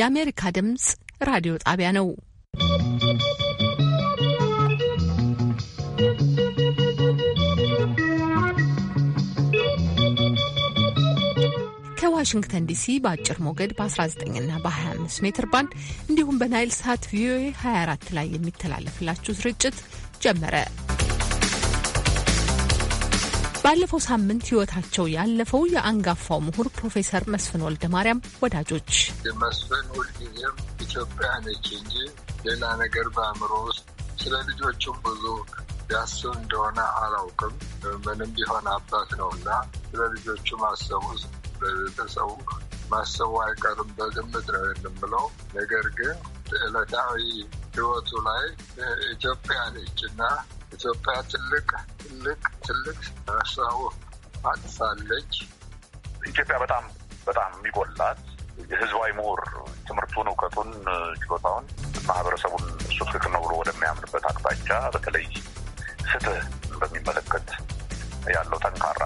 የአሜሪካ ድምጽ ራዲዮ ጣቢያ ነው። ከዋሽንግተን ዲሲ በአጭር ሞገድ በ19 እና በ25 ሜትር ባንድ እንዲሁም በናይል ሳት ቪኦኤ 24 ላይ የሚተላለፍላችሁ ስርጭት ጀመረ። ባለፈው ሳምንት ህይወታቸው ያለፈው የአንጋፋው ምሁር ፕሮፌሰር መስፍን ወልደ ማርያም ወዳጆች መስፍን ሁልጊዜም ኢትዮጵያ ነች እንጂ ሌላ ነገር በአእምሮ ውስጥ ስለ ልጆቹም ብዙ ያስብ እንደሆነ አላውቅም። ምንም ቢሆን አባት ነው እና ስለ ልጆቹ ማሰቡ በቤተሰቡ ማሰቡ አይቀርም። በግምት ነው የምንብለው። ነገር ግን ዕለታዊ ህይወቱ ላይ ኢትዮጵያ ነች እና ኢትዮጵያ ትልቅ ትልቅ ትልቅ አስተዋጽኦ አጥፋለች። ኢትዮጵያ በጣም በጣም የሚጎላት የህዝባዊ ምሁር ትምህርቱን፣ እውቀቱን፣ ችሎታውን ማህበረሰቡን እሱ ትክክል ነው ብሎ ወደሚያምንበት አቅጣጫ በተለይ ፍትህ በሚመለከት ያለው ጠንካራ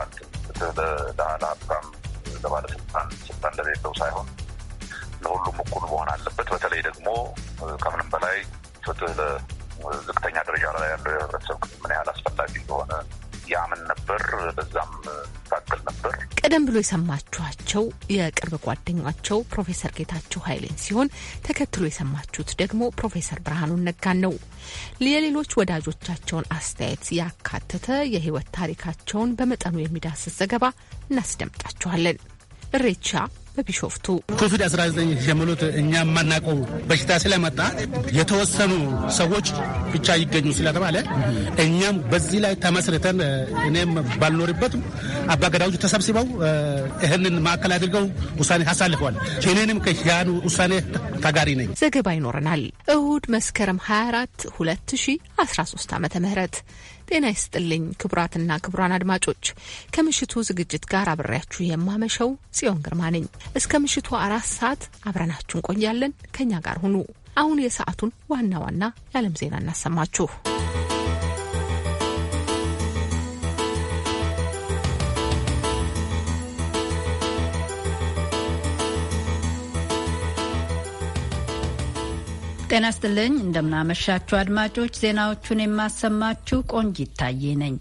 ፍትህ ለድሃ፣ ለሀብታም፣ ለባለስልጣን ስልጣን ለሌለው ሳይሆን ለሁሉም እኩል መሆን አለበት። በተለይ ደግሞ ከምንም በላይ ፍትህ ዝቅተኛ ደረጃ ላይ ያለው የህብረተሰብ ክፍል ምን ያህል አስፈላጊ እንደሆነ ያምን ነበር። በዛም ታክል ነበር። ቀደም ብሎ የሰማችኋቸው የቅርብ ጓደኛቸው ፕሮፌሰር ጌታቸው ኃይሌን ሲሆን ተከትሎ የሰማችሁት ደግሞ ፕሮፌሰር ብርሃኑን ነጋን ነው። የሌሎች ወዳጆቻቸውን አስተያየት ያካተተ የህይወት ታሪካቸውን በመጠኑ የሚዳስስ ዘገባ እናስደምጣችኋለን። እሬቻ በቢሾፍቱ ኮቪድ 19 የምሉት እኛ የማናውቀው በሽታ ስለመጣ የተወሰኑ ሰዎች ብቻ ይገኙ ስለተባለ እኛም በዚህ ላይ ተመስርተን እኔም ባልኖርበት አባገዳዎቹ ተሰብስበው ይህንን ማዕከል አድርገው ውሳኔ አሳልፈዋል። እኔንም ከያኑ ውሳኔ ተጋሪ ነኝ። ዘገባ ይኖረናል። እሁድ መስከረም 24 2013 ዓ ም ጤና ይስጥልኝ ክቡራትና ክቡራን አድማጮች ከምሽቱ ዝግጅት ጋር አብሬያችሁ የማመሸው ጽዮን ግርማ ነኝ። እስከ ምሽቱ አራት ሰዓት አብረናችሁ እንቆያለን። ከእኛ ጋር ሁኑ። አሁን የሰዓቱን ዋና ዋና የዓለም ዜና እናሰማችሁ። ጤና ስጥልኝ እንደምናመሻችሁ አድማጮች፣ ዜናዎቹን የማሰማችሁ ቆንጅ ይታየ ነኝ።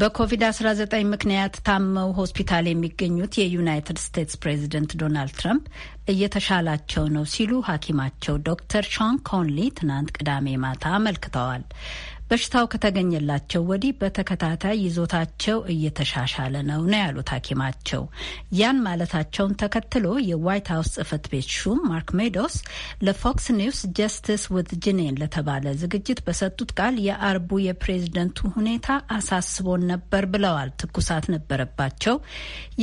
በኮቪድ-19 ምክንያት ታመው ሆስፒታል የሚገኙት የዩናይትድ ስቴትስ ፕሬዚደንት ዶናልድ ትራምፕ እየተሻላቸው ነው ሲሉ ሐኪማቸው ዶክተር ሾን ኮንሊ ትናንት ቅዳሜ ማታ አመልክተዋል። በሽታው ከተገኘላቸው ወዲህ በተከታታይ ይዞታቸው እየተሻሻለ ነው ነው ያሉት ሐኪማቸው። ያን ማለታቸውን ተከትሎ የዋይት ሀውስ ጽህፈት ቤት ሹም ማርክ ሜዶስ ለፎክስ ኒውስ ጀስቲስ ዊዝ ጅኔን ለተባለ ዝግጅት በሰጡት ቃል የአርቡ የፕሬዝደንቱ ሁኔታ አሳስቦን ነበር ብለዋል። ትኩሳት ነበረባቸው።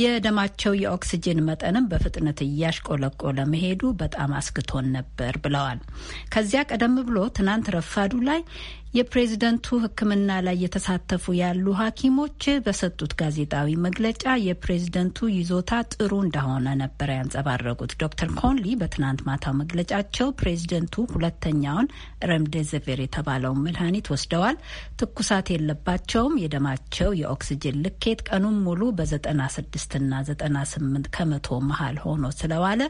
የደማቸው የኦክስጅን መጠንም በፍጥነት እያሽቆለቆለ መሄዱ በጣም አስግቶን ነበር ብለዋል። ከዚያ ቀደም ብሎ ትናንት ረፋዱ ላይ የፕሬዝደንቱ ሕክምና ላይ የተሳተፉ ያሉ ሐኪሞች በሰጡት ጋዜጣዊ መግለጫ የፕሬዝደንቱ ይዞታ ጥሩ እንደሆነ ነበር ያንጸባረቁት። ዶክተር ኮንሊ በትናንት ማታው መግለጫቸው ፕሬዝደንቱ ሁለተኛውን ረምደዘቬር የተባለውን መድኃኒት ወስደዋል፣ ትኩሳት የለባቸውም፣ የደማቸው የኦክስጅን ልኬት ቀኑን ሙሉ በ96 እና ስምንት ከመቶ መሀል ሆኖ ስለዋለ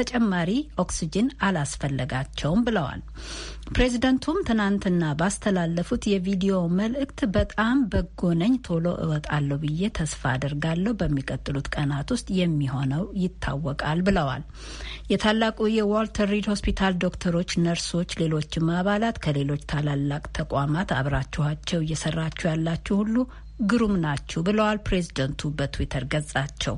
ተጨማሪ ኦክስጅን አላስፈለጋቸውም ብለዋል። ፕሬዚደንቱም ትናንትና ባስተላለፉት የቪዲዮ መልእክት በጣም በጎ ነኝ፣ ቶሎ እወጣለሁ ብዬ ተስፋ አድርጋለሁ፣ በሚቀጥሉት ቀናት ውስጥ የሚሆነው ይታወቃል ብለዋል። የታላቁ የዋልተር ሪድ ሆስፒታል ዶክተሮች፣ ነርሶች፣ ሌሎችም አባላት ከሌሎች ታላላቅ ተቋማት አብራችኋቸው እየሰራችሁ ያላችሁ ሁሉ ግሩም ናችሁ ብለዋል ፕሬዝደንቱ በትዊተር ገጻቸው።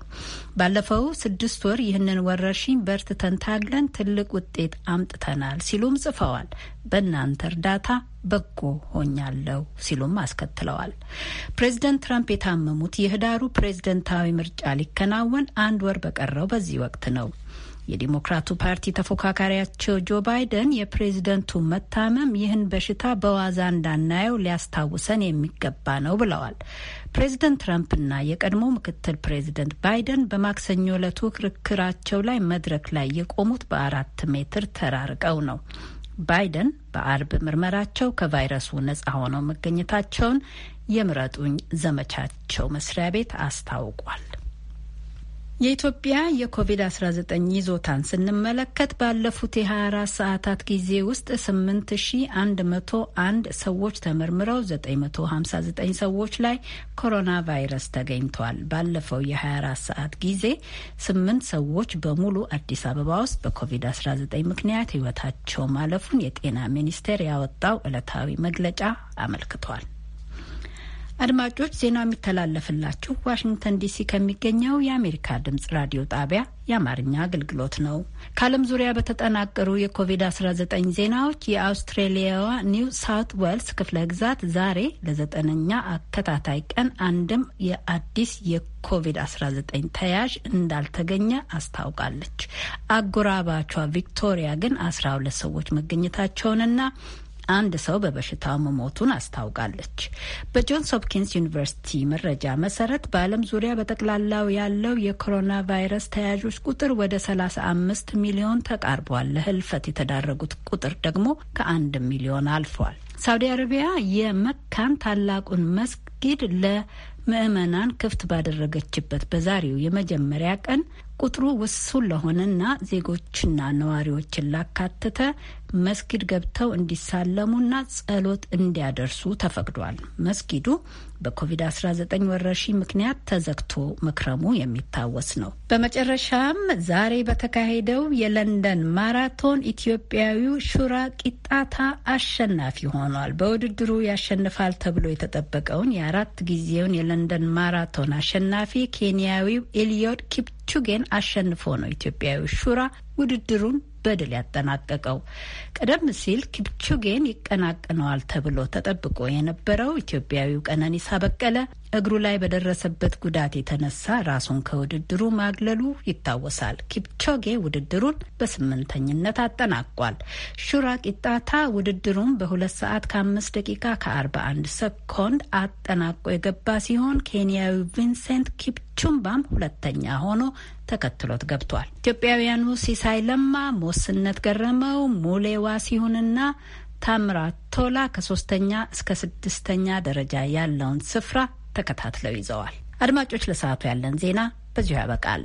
ባለፈው ስድስት ወር ይህንን ወረርሽኝ በርትተን ታግለን ትልቅ ውጤት አምጥተናል ሲሉም ጽፈዋል። በእናንተ እርዳታ በጎ ሆኛለሁ ሲሉም አስከትለዋል። ፕሬዝደንት ትራምፕ የታመሙት የህዳሩ ፕሬዝደንታዊ ምርጫ ሊከናወን አንድ ወር በቀረው በዚህ ወቅት ነው። የዲሞክራቱ ፓርቲ ተፎካካሪያቸው ጆ ባይደን የፕሬዝደንቱ መታመም ይህን በሽታ በዋዛ እንዳናየው ሊያስታውሰን የሚገባ ነው ብለዋል። ፕሬዝደንት ትራምፕና የቀድሞ ምክትል ፕሬዝደንት ባይደን በማክሰኞ ዕለቱ ክርክራቸው ላይ መድረክ ላይ የቆሙት በአራት ሜትር ተራርቀው ነው። ባይደን በአርብ ምርመራቸው ከቫይረሱ ነጻ ሆነው መገኘታቸውን የምረጡኝ ዘመቻቸው መስሪያ ቤት አስታውቋል። የኢትዮጵያ የኮቪድ-19 ይዞታን ስንመለከት ባለፉት የ24 ሰዓታት ጊዜ ውስጥ 8101 ሰዎች ተመርምረው 959 ሰዎች ላይ ኮሮና ቫይረስ ተገኝቷል። ባለፈው የ24 ሰዓት ጊዜ 8 ሰዎች በሙሉ አዲስ አበባ ውስጥ በኮቪድ-19 ምክንያት ሕይወታቸው ማለፉን የጤና ሚኒስቴር ያወጣው ዕለታዊ መግለጫ አመልክቷል። አድማጮች ዜናው የሚተላለፍላችሁ ዋሽንግተን ዲሲ ከሚገኘው የአሜሪካ ድምጽ ራዲዮ ጣቢያ የአማርኛ አገልግሎት ነው። ከዓለም ዙሪያ በተጠናቀሩ የኮቪድ-19 ዜናዎች የአውስትሬሊያዋ ኒው ሳውት ዌልስ ክፍለ ግዛት ዛሬ ለዘጠነኛ አከታታይ ቀን አንድም የአዲስ የኮቪድ-19 ተያዥ እንዳልተገኘ አስታውቃለች። አጎራባቿ ቪክቶሪያ ግን 12 ሰዎች መገኘታቸውንና አንድ ሰው በበሽታው መሞቱን አስታውቃለች። በጆንስ ሆፕኪንስ ዩኒቨርሲቲ መረጃ መሰረት በዓለም ዙሪያ በጠቅላላው ያለው የኮሮና ቫይረስ ተያዦች ቁጥር ወደ 35 ሚሊዮን ተቃርቧል። ለህልፈት የተዳረጉት ቁጥር ደግሞ ከአንድ ሚሊዮን አልፏል። ሳውዲ አረቢያ የመካን ታላቁን መስጊድ ለምእመናን ክፍት ባደረገችበት በዛሬው የመጀመሪያ ቀን ቁጥሩ ውሱን ለሆነና ዜጎችና ነዋሪዎችን ላካተተ መስጊድ ገብተው እንዲሳለሙና ጸሎት እንዲያደርሱ ተፈቅዷል። መስጊዱ በኮቪድ-19 ወረርሽኝ ምክንያት ተዘግቶ መክረሙ የሚታወስ ነው። በመጨረሻም ዛሬ በተካሄደው የለንደን ማራቶን ኢትዮጵያዊው ሹራ ቂጣታ አሸናፊ ሆኗል። በውድድሩ ያሸንፋል ተብሎ የተጠበቀውን የአራት ጊዜውን የለንደን ማራቶን አሸናፊ ኬንያዊው ኤልዮድ ኪፕ ቹጌን አሸንፎ ነው ኢትዮጵያዊ ሹራ ውድድሩን በድል ያጠናቀቀው። ቀደም ሲል ኪፕቹጌን ይቀናቅነዋል ተብሎ ተጠብቆ የነበረው ኢትዮጵያዊው ቀነኒሳ በቀለ እግሩ ላይ በደረሰበት ጉዳት የተነሳ ራሱን ከውድድሩ ማግለሉ ይታወሳል። ኪፕቾጌ ውድድሩን በስምንተኝነት አጠናቋል። ሹራ ቂጣታ ውድድሩን በሁለት ሰዓት ከአምስት ደቂቃ ከአርባ አንድ ሰኮንድ አጠናቆ የገባ ሲሆን ኬንያዊው ቪንሴንት ኪፕቹምባም ሁለተኛ ሆኖ ተከትሎት ገብቷል። ኢትዮጵያውያኑ ሲሳይ ለማ፣ ሞስነት ገረመው፣ ሙሌዋ ሲሆንና ታምራት ቶላ ከሶስተኛ እስከ ስድስተኛ ደረጃ ያለውን ስፍራ ተከታትለው ይዘዋል። አድማጮች፣ ለሰዓቱ ያለን ዜና በዚሁ ያበቃል።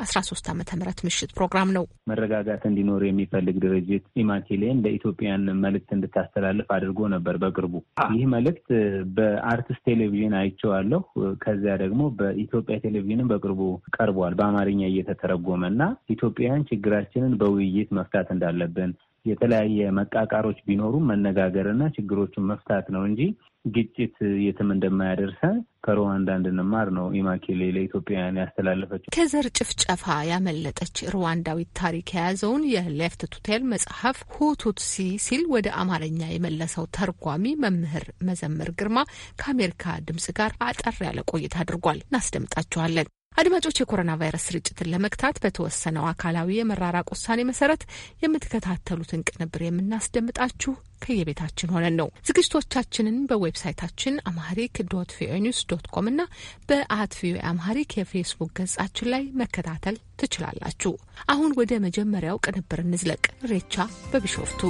13 ዓ ም ምሽት ፕሮግራም ነው። መረጋጋት እንዲኖር የሚፈልግ ድርጅት ኢማቴሌን ለኢትዮጵያን መልእክት እንድታስተላልፍ አድርጎ ነበር በቅርቡ። ይህ መልእክት በአርትስ ቴሌቪዥን አይቼዋለሁ። ከዚያ ደግሞ በኢትዮጵያ ቴሌቪዥንም በቅርቡ ቀርቧል በአማርኛ እየተተረጎመ እና ኢትዮጵያውያን ችግራችንን በውይይት መፍታት እንዳለብን የተለያየ መቃቃሮች ቢኖሩም መነጋገርና ችግሮቹን መፍታት ነው እንጂ ግጭት የትም እንደማያደርሰ ከሩዋንዳ እንድንማር ነው ኢማኬሌ ለኢትዮጵያውያን ያስተላለፈችው። ከዘር ጭፍጨፋ ያመለጠች ሩዋንዳዊት ታሪክ የያዘውን የሌፍት ቱቴል መጽሐፍ ሁቱትሲ ሲል ወደ አማርኛ የመለሰው ተርጓሚ መምህር መዘምር ግርማ ከአሜሪካ ድምጽ ጋር አጠር ያለ ቆይታ አድርጓል። እናስደምጣችኋለን። አድማጮች የኮሮና ቫይረስ ስርጭትን ለመግታት በተወሰነው አካላዊ የመራራቅ ውሳኔ መሰረት የምትከታተሉትን ቅንብር የምናስደምጣችሁ ከየቤታችን ሆነን ነው። ዝግጅቶቻችንን በዌብሳይታችን አማሪክ ዶት ቪኦኤ ኒውስ ዶት ኮም እና በአት ቪኦኤ አማሪክ የፌስቡክ ገጻችን ላይ መከታተል ትችላላችሁ። አሁን ወደ መጀመሪያው ቅንብር እንዝለቅ። ሬቻ በቢሾፍቱ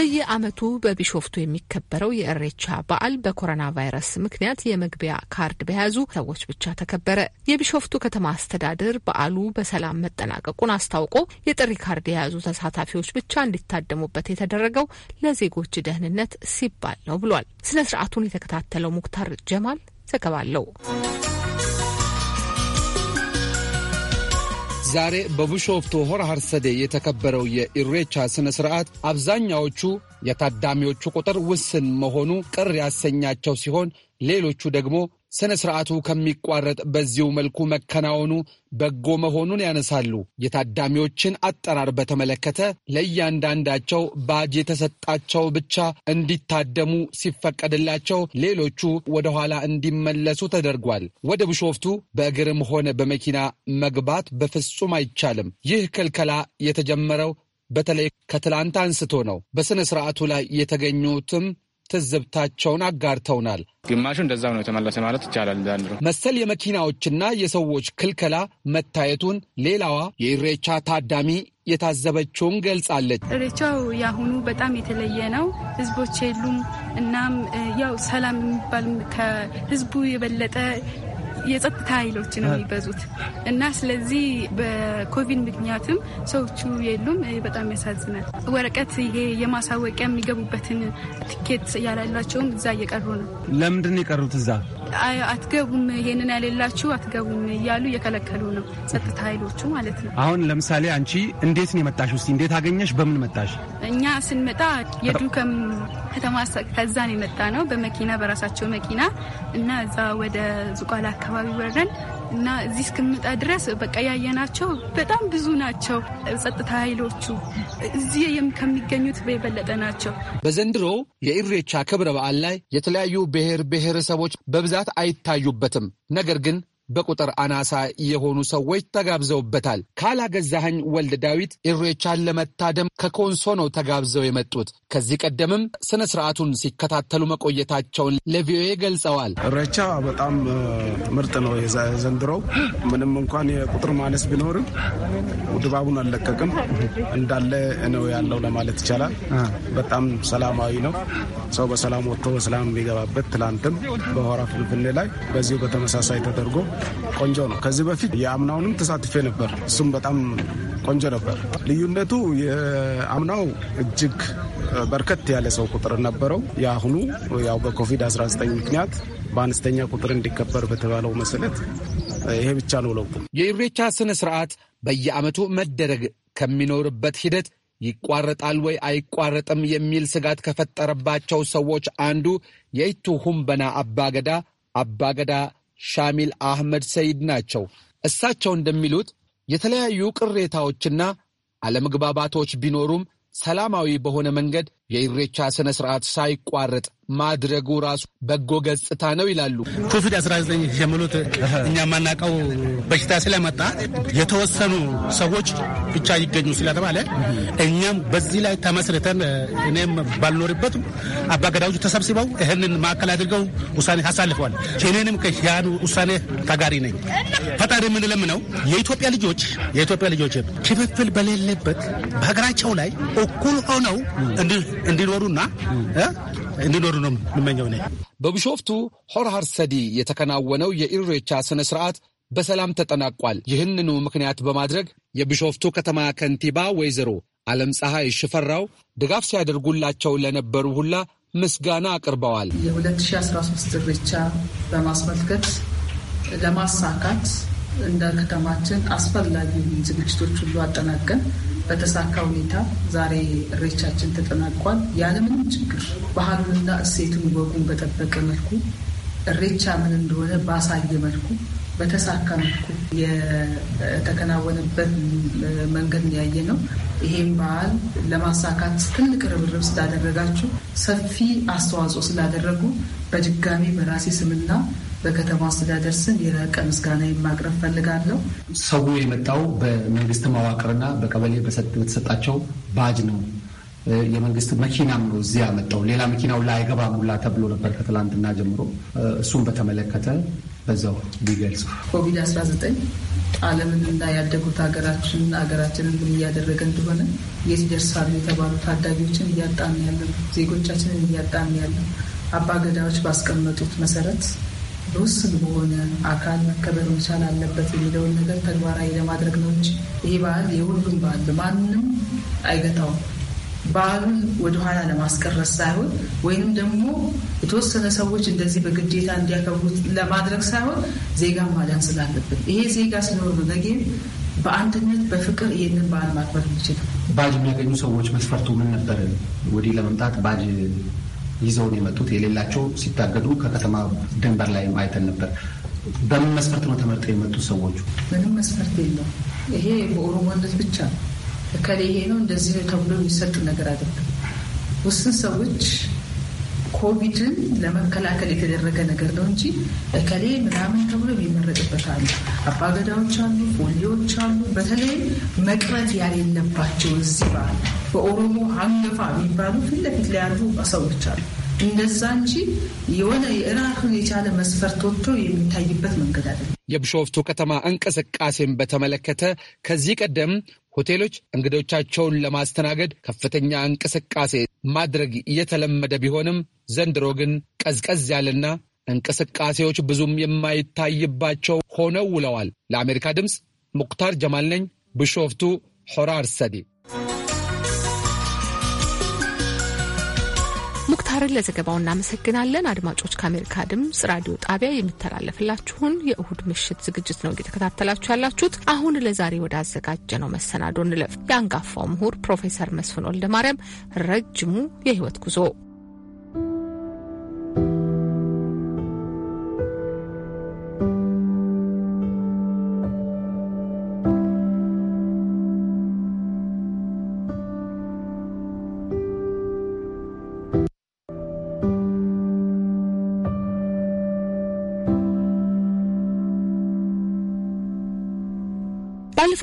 በየዓመቱ በቢሾፍቱ የሚከበረው የእሬቻ በዓል በኮሮና ቫይረስ ምክንያት የመግቢያ ካርድ በያዙ ሰዎች ብቻ ተከበረ። የቢሾፍቱ ከተማ አስተዳደር በዓሉ በሰላም መጠናቀቁን አስታውቆ የጥሪ ካርድ የያዙ ተሳታፊዎች ብቻ እንዲታደሙበት የተደረገው ለዜጎች ደህንነት ሲባል ነው ብሏል። ስነ ስርዓቱን የተከታተለው ሙክታር ጀማል ዘገባ አለው። ዛሬ በቡሾፍቱ ሆረ ሐርሰዴ የተከበረው የኢሬቻ ሥነ ሥርዓት አብዛኛዎቹ የታዳሚዎቹ ቁጥር ውስን መሆኑ ቅር ያሰኛቸው ሲሆን፣ ሌሎቹ ደግሞ ስነ ስርዓቱ ከሚቋረጥ በዚሁ መልኩ መከናወኑ በጎ መሆኑን ያነሳሉ። የታዳሚዎችን አጠራር በተመለከተ ለእያንዳንዳቸው ባጅ የተሰጣቸው ብቻ እንዲታደሙ ሲፈቀድላቸው፣ ሌሎቹ ወደ ኋላ እንዲመለሱ ተደርጓል። ወደ ቢሾፍቱ በእግርም ሆነ በመኪና መግባት በፍጹም አይቻልም። ይህ ክልከላ የተጀመረው በተለይ ከትላንት አንስቶ ነው። በሥነ ሥርዓቱ ላይ የተገኙትም ትዝብታቸውን አጋርተውናል። ግማሹ እንደዛው ነው የተመለሰ ማለት ይቻላል። ዘንድሮ መሰል የመኪናዎችና የሰዎች ክልከላ መታየቱን ሌላዋ የኢሬቻ ታዳሚ የታዘበችውን ገልጻለች። ኢሬቻው የአሁኑ በጣም የተለየ ነው። ህዝቦች የሉም። እናም ያው ሰላም የሚባል ከህዝቡ የበለጠ የጸጥታ ኃይሎች ነው የሚበዙት እና ስለዚህ በኮቪድ ምክንያትም ሰዎቹ የሉም። በጣም ያሳዝናል። ወረቀት ይሄ የማሳወቂያ የሚገቡበትን ትኬት ያላላቸውም እዛ እየቀሩ ነው። ለምንድን ነው የቀሩት? እዛ አትገቡም፣ ይሄንን ያሌላችሁ አትገቡም እያሉ እየከለከሉ ነው ጸጥታ ኃይሎቹ ማለት ነው። አሁን ለምሳሌ አንቺ እንዴት ነው የመጣሽ? ውስ እንዴት አገኘሽ? በምን መጣሽ? እኛ ስንመጣ የዱከም ከተማ ከዛ የመጣ ነው በመኪና በራሳቸው መኪና እና እዛ ወደ ዙቋላ አካባቢ አካባቢ ወረደን እና እዚህ እስክምጣ ድረስ በቃ ያየናቸው በጣም ብዙ ናቸው። ጸጥታ ኃይሎቹ እዚህ ከሚገኙት የበለጠ ናቸው። በዘንድሮ የኢሬቻ ክብረ በዓል ላይ የተለያዩ ብሔር ብሔረሰቦች በብዛት አይታዩበትም። ነገር ግን በቁጥር አናሳ የሆኑ ሰዎች ተጋብዘውበታል። ካላገዛኸኝ ወልድ ዳዊት ኢሬቻን ለመታደም ከኮንሶ ነው ተጋብዘው የመጡት። ከዚህ ቀደምም ስነ ስርዓቱን ሲከታተሉ መቆየታቸውን ለቪኦኤ ገልጸዋል። ኢሬቻ በጣም ምርጥ ነው ዘንድሮው። ምንም እንኳን የቁጥር ማነስ ቢኖርም ድባቡን አልለቀቅም እንዳለ ነው ያለው ለማለት ይቻላል። በጣም ሰላማዊ ነው። ሰው በሰላም ወጥቶ በሰላም የሚገባበት ትላንትም በሆራ ፍንፍኔ ላይ በዚሁ በተመሳሳይ ተደርጎ ቆንጆ ነው። ከዚህ በፊት የአምናውንም ተሳትፌ ነበር። እሱም በጣም ቆንጆ ነበር። ልዩነቱ የአምናው እጅግ በርከት ያለ ሰው ቁጥር ነበረው። የአሁኑ ያው በኮቪድ-19 ምክንያት በአነስተኛ ቁጥር እንዲከበር በተባለው መሰረት ይሄ ብቻ ነው ለውጡ። የኢሬቻ ስነ ስርዓት በየአመቱ መደረግ ከሚኖርበት ሂደት ይቋረጣል ወይ አይቋረጥም የሚል ስጋት ከፈጠረባቸው ሰዎች አንዱ የይቱ ሁምበና አባገዳ አባገዳ ሻሚል አህመድ ሰይድ ናቸው። እሳቸው እንደሚሉት የተለያዩ ቅሬታዎችና አለመግባባቶች ቢኖሩም ሰላማዊ በሆነ መንገድ የኢሬቻ ስነ ስርዓት ሳይቋረጥ ማድረጉ ራሱ በጎ ገጽታ ነው ይላሉ። ኮቪድ 19 የሚሉት እኛ የማናውቀው በሽታ ስለመጣ የተወሰኑ ሰዎች ብቻ ይገኙ ስለተባለ እኛም በዚህ ላይ ተመስርተን እኔም ባልኖርበት አባገዳዎቹ ተሰብስበው ይህንን ማዕከል አድርገው ውሳኔ አሳልፈዋል። እኔንም ከያን ውሳኔ ተጋሪ ነኝ። ፈጣሪ የምንለምነው የኢትዮጵያ ልጆች የኢትዮጵያ ልጆች ክፍፍል በሌለበት በሀገራቸው ላይ እኩል ሆነው እንዲህ እንዲኖሩና እንዲኖሩ ነው የምመኘው። በቢሾፍቱ ሆር ሀርሰዲ የተከናወነው የኢሬቻ ስነ ስርዓት በሰላም ተጠናቋል። ይህንኑ ምክንያት በማድረግ የቢሾፍቱ ከተማ ከንቲባ ወይዘሮ ዓለም ፀሐይ ሽፈራው ድጋፍ ሲያደርጉላቸው ለነበሩ ሁላ ምስጋና አቅርበዋል። የ2013 ኢሬቻ በማስመልከት ለማሳካት እንደ ከተማችን አስፈላጊ ዝግጅቶች ሁሉ አጠናቀን በተሳካ ሁኔታ ዛሬ እሬቻችን ተጠናቋል። ያለምንም ችግር ባህሉንና እሴቱን ወጉን በጠበቀ መልኩ እሬቻ ምን እንደሆነ ባሳየ መልኩ በተሳካ መልኩ የተከናወነበት መንገድ ያየ ነው። ይሄም በዓል ለማሳካት ትልቅ ርብርብ ስላደረጋችሁ፣ ሰፊ አስተዋጽኦ ስላደረጉ በድጋሚ በራሴ ስምና በከተማ አስተዳደር ስም የላቀ ምስጋና የማቅረብ ፈልጋለሁ። ሰው የመጣው በመንግስት መዋቅርና በቀበሌ በተሰጣቸው ባጅ ነው። የመንግስት መኪናም ነው እዚህ ያመጣው። ሌላ መኪናው ላይገባም ሙላ ተብሎ ነበር ከትላንትና ጀምሮ። እሱን በተመለከተ በዛው ቢገልጽ ኮቪድ-19 እና ያደጉት ሀገራችን ሀገራችንን ምን እያደረገ እንደሆነ የት ይደርሳሉ የተባሉ ታዳጊዎችን እያጣን ያለ ዜጎቻችንን እያጣን ያለ አባገዳዎች ባስቀመጡት መሰረት ውስን በሆነ አካል መከበር መቻል አለበት የሚለውን ነገር ተግባራዊ ለማድረግ ነው እንጂ ይህ በዓል የሁሉም በዓል ማንም አይገታውም። በዓሉን ወደኋላ ለማስቀረት ሳይሆን ወይንም ደግሞ የተወሰነ ሰዎች እንደዚህ በግዴታ እንዲያከብሩት ለማድረግ ሳይሆን ዜጋ ማዳን ስላለብን ይሄ ዜጋ ሲኖር ነው ነገ በአንድነት በፍቅር ይህንን በዓል ማክበር እንችላል። ባጅ የሚያገኙ ሰዎች መስፈርቱ ምን ነበር? ወዲህ ለመምጣት ባጅ ይዘውን የመጡት የሌላቸው ሲታገዱ ከከተማ ድንበር ላይ አይተን ነበር። በምን መስፈርት ነው ተመርጠው የመጡ ሰዎቹ? ምንም መስፈርት የለው። ይሄ በኦሮሞነት ብቻ እከሌ ይሄ ነው እንደዚህ ነው ተብሎ የሚሰጥ ነገር አይደለም። ውስን ሰዎች ኮቪድን ለመከላከል የተደረገ ነገር ነው እንጂ እከሌ ምናምን ተብሎ የሚመረጥበት አሉ። አባገዳዎች አሉ፣ ፖሊዎች አሉ። በተለይ መቅረት ያሌለባቸው እዚህ ባህል በኦሮሞ አንገፋ የሚባሉ ፊት ለፊት ላይ ያሉ ሰዎች አሉ። እንደዛ እንጂ የሆነ ራሱን የቻለ መስፈርት ወጥቶ የሚታይበት መንገድ አለ። የብሾፍቱ ከተማ እንቅስቃሴን በተመለከተ ከዚህ ቀደም ሆቴሎች እንግዶቻቸውን ለማስተናገድ ከፍተኛ እንቅስቃሴ ማድረግ እየተለመደ ቢሆንም ዘንድሮ ግን ቀዝቀዝ ያለና እንቅስቃሴዎች ብዙም የማይታይባቸው ሆነው ውለዋል። ለአሜሪካ ድምፅ ሙክታር ጀማል ነኝ፣ ብሾፍቱ ሆራር ሰዲ ሙክታርን ለዘገባው እናመሰግናለን። አድማጮች ከአሜሪካ ድምጽ ራዲዮ ጣቢያ የሚተላለፍላችሁን የእሁድ ምሽት ዝግጅት ነው እየተከታተላችሁ ያላችሁት። አሁን ለዛሬ ወደ አዘጋጀ ነው መሰናዶ እንለፍ። የአንጋፋው ምሁር ፕሮፌሰር መስፍን ወልደማርያም ረጅሙ የህይወት ጉዞ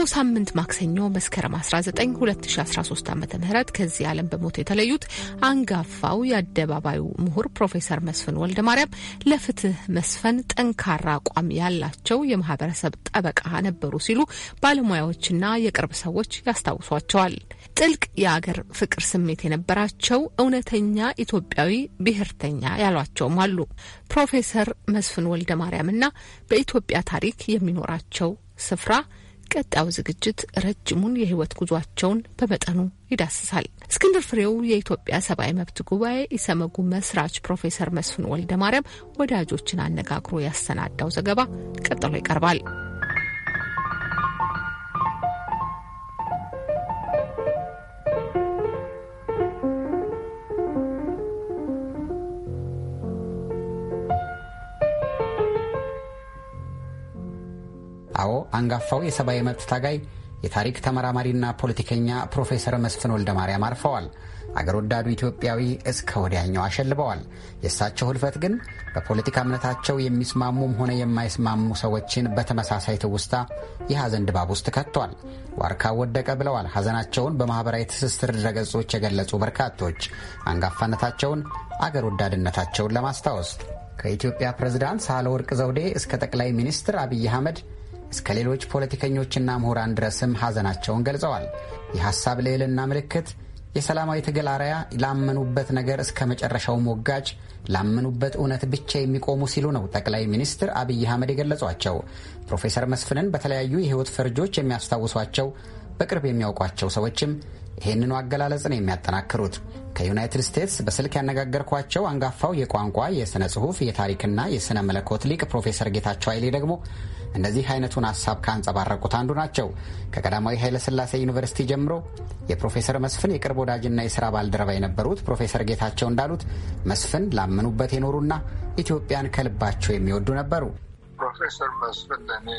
ባለፈው ሳምንት ማክሰኞ መስከረም 19 2013 ዓ ም ከዚህ ዓለም በሞት የተለዩት አንጋፋው የአደባባዩ ምሁር ፕሮፌሰር መስፍን ወልደ ማርያም ለፍትህ መስፈን ጠንካራ አቋም ያላቸው የማህበረሰብ ጠበቃ ነበሩ ሲሉ ባለሙያዎችና የቅርብ ሰዎች ያስታውሷቸዋል። ጥልቅ የአገር ፍቅር ስሜት የነበራቸው እውነተኛ ኢትዮጵያዊ ብሔርተኛ ያሏቸውም አሉ። ፕሮፌሰር መስፍን ወልደ ማርያምና በኢትዮጵያ ታሪክ የሚኖራቸው ስፍራ ቀጣዩ ዝግጅት ረጅሙን የህይወት ጉዟቸውን በመጠኑ ይዳስሳል። እስክንድር ፍሬው የኢትዮጵያ ሰብአዊ መብት ጉባኤ ኢሰመጉ መስራች ፕሮፌሰር መስፍን ወልደ ማርያም ወዳጆችን አነጋግሮ ያሰናዳው ዘገባ ቀጥሎ ይቀርባል። አንጋፋው የሰብአዊ መብት ታጋይ የታሪክ ተመራማሪና ፖለቲከኛ ፕሮፌሰር መስፍን ወልደ ማርያም አርፈዋል። አገር ወዳዱ ኢትዮጵያዊ እስከ ወዲያኛው አሸልበዋል። የእሳቸው ህልፈት ግን በፖለቲካ እምነታቸው የሚስማሙም ሆነ የማይስማሙ ሰዎችን በተመሳሳይ ትውስታ የሐዘን ድባብ ውስጥ ከቷል። ዋርካ ወደቀ ብለዋል ሐዘናቸውን በማኅበራዊ ትስስር ድረገጾች የገለጹ በርካቶች አንጋፋነታቸውን፣ አገር ወዳድነታቸውን ለማስታወስ ከኢትዮጵያ ፕሬዝዳንት ሳህለወርቅ ዘውዴ እስከ ጠቅላይ ሚኒስትር አብይ አህመድ እስከ ሌሎች ፖለቲከኞችና ምሁራን ድረስም ሐዘናቸውን ገልጸዋል። የሐሳብ ልዕልና ምልክት፣ የሰላማዊ ትግል አርያ፣ ላመኑበት ነገር እስከ መጨረሻው ሞጋጭ፣ ላመኑበት እውነት ብቻ የሚቆሙ ሲሉ ነው ጠቅላይ ሚኒስትር አብይ አህመድ የገለጿቸው። ፕሮፌሰር መስፍንን በተለያዩ የሕይወት ፈርጆች የሚያስታውሷቸው በቅርብ የሚያውቋቸው ሰዎችም ይህንኑ አገላለጽ ነው የሚያጠናክሩት። ከዩናይትድ ስቴትስ በስልክ ያነጋገርኳቸው አንጋፋው የቋንቋ የሥነ ጽሑፍ የታሪክና የሥነ መለኮት ሊቅ ፕሮፌሰር ጌታቸው ኃይሌ ደግሞ እነዚህ አይነቱን ሀሳብ ካንጸባረቁት አንዱ ናቸው። ከቀዳማዊ ኃይለሥላሴ ዩኒቨርሲቲ ጀምሮ የፕሮፌሰር መስፍን የቅርብ ወዳጅና የሥራ ባልደረባ የነበሩት ፕሮፌሰር ጌታቸው እንዳሉት መስፍን ላመኑበት የኖሩና ኢትዮጵያን ከልባቸው የሚወዱ ነበሩ። ፕሮፌሰር መስፍን ለእኔ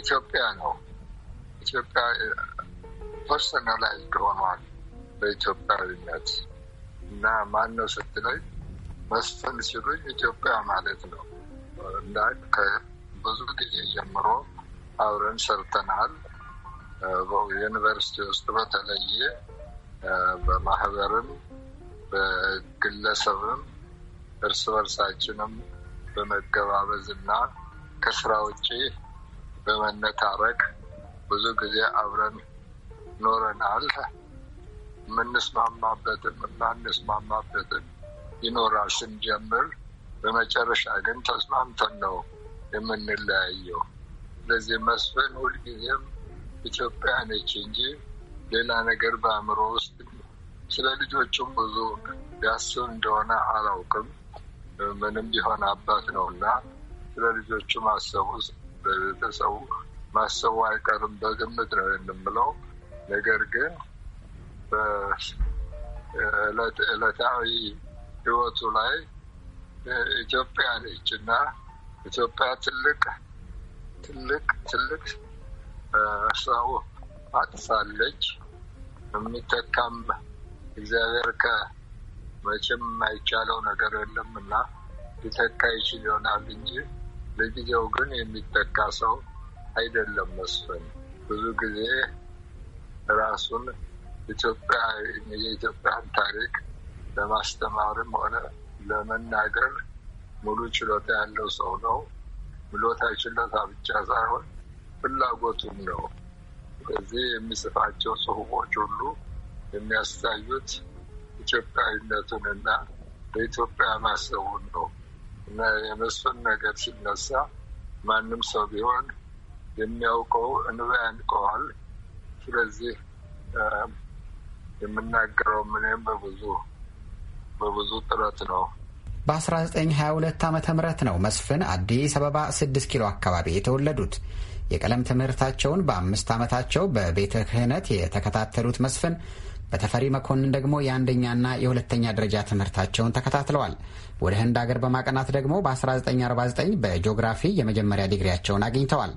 ኢትዮጵያ ነው። ኢትዮጵያ ፐርሰናላይዝድ ሆኗል በኢትዮጵያዊነት እና ማን ነው ስትለኝ መስፍን ሲሉኝ ኢትዮጵያ ማለት ነው እና ብዙ ጊዜ ጀምሮ አብረን ሰርተናል። ዩኒቨርሲቲ ውስጥ በተለየ በማህበርም በግለሰብም እርስ በርሳችንም በመገባበዝ እና ከስራ ውጪ በመነታረክ ብዙ ጊዜ አብረን ኖረናል። የምንስማማበትም የማንስማማበትም ይኖራል ስንጀምር፣ በመጨረሻ ግን ተስማምተን ነው የምንለያየው። ስለዚህ መስፍን ሁልጊዜም ኢትዮጵያ ነች እንጂ ሌላ ነገር በአእምሮ ውስጥ ስለ ልጆቹም ብዙ ያስብ እንደሆነ አላውቅም። ምንም ቢሆን አባት ነው እና ስለ ልጆቹ ማሰቡ በቤተሰቡ ማሰቡ አይቀርም። በግምት ነው የምለው። ነገር ግን በዕለታዊ ህይወቱ ላይ ኢትዮጵያ ነች እና ኢትዮጵያ ትልቅ ትልቅ ትልቅ ሰው አጥሳለች። የሚተካም እግዚአብሔር ከመቼም የማይቻለው ነገር የለም እና ሊተካ ይችል ይሆናል እንጂ ለጊዜው ግን የሚተካ ሰው አይደለም። መስፍን ብዙ ጊዜ ራሱን ኢትዮጵያ የኢትዮጵያን ታሪክ ለማስተማርም ሆነ ለመናገር ሙሉ ችሎታ ያለው ሰው ነው። ብሎታ ችሎታ ብቻ ሳይሆን ፍላጎቱም ነው። እዚህ የሚጽፋቸው ጽሁፎች ሁሉ የሚያሳዩት እና በኢትዮጵያ ማሰቡን ነው እና የመስፍን ነገር ሲነሳ ማንም ሰው ቢሆን የሚያውቀው እንባ ያንቀዋል። ስለዚህ የምናገረው ምንም በብዙ በብዙ ጥረት ነው። በ1922 ዓ ም ነው መስፍን አዲስ አበባ 6 ኪሎ አካባቢ የተወለዱት። የቀለም ትምህርታቸውን በአምስት ዓመታቸው በቤተ ክህነት የተከታተሉት መስፍን በተፈሪ መኮንን ደግሞ የአንደኛና የሁለተኛ ደረጃ ትምህርታቸውን ተከታትለዋል። ወደ ህንድ አገር በማቀናት ደግሞ በ1949 በጂኦግራፊ የመጀመሪያ ዲግሪያቸውን አግኝተዋል።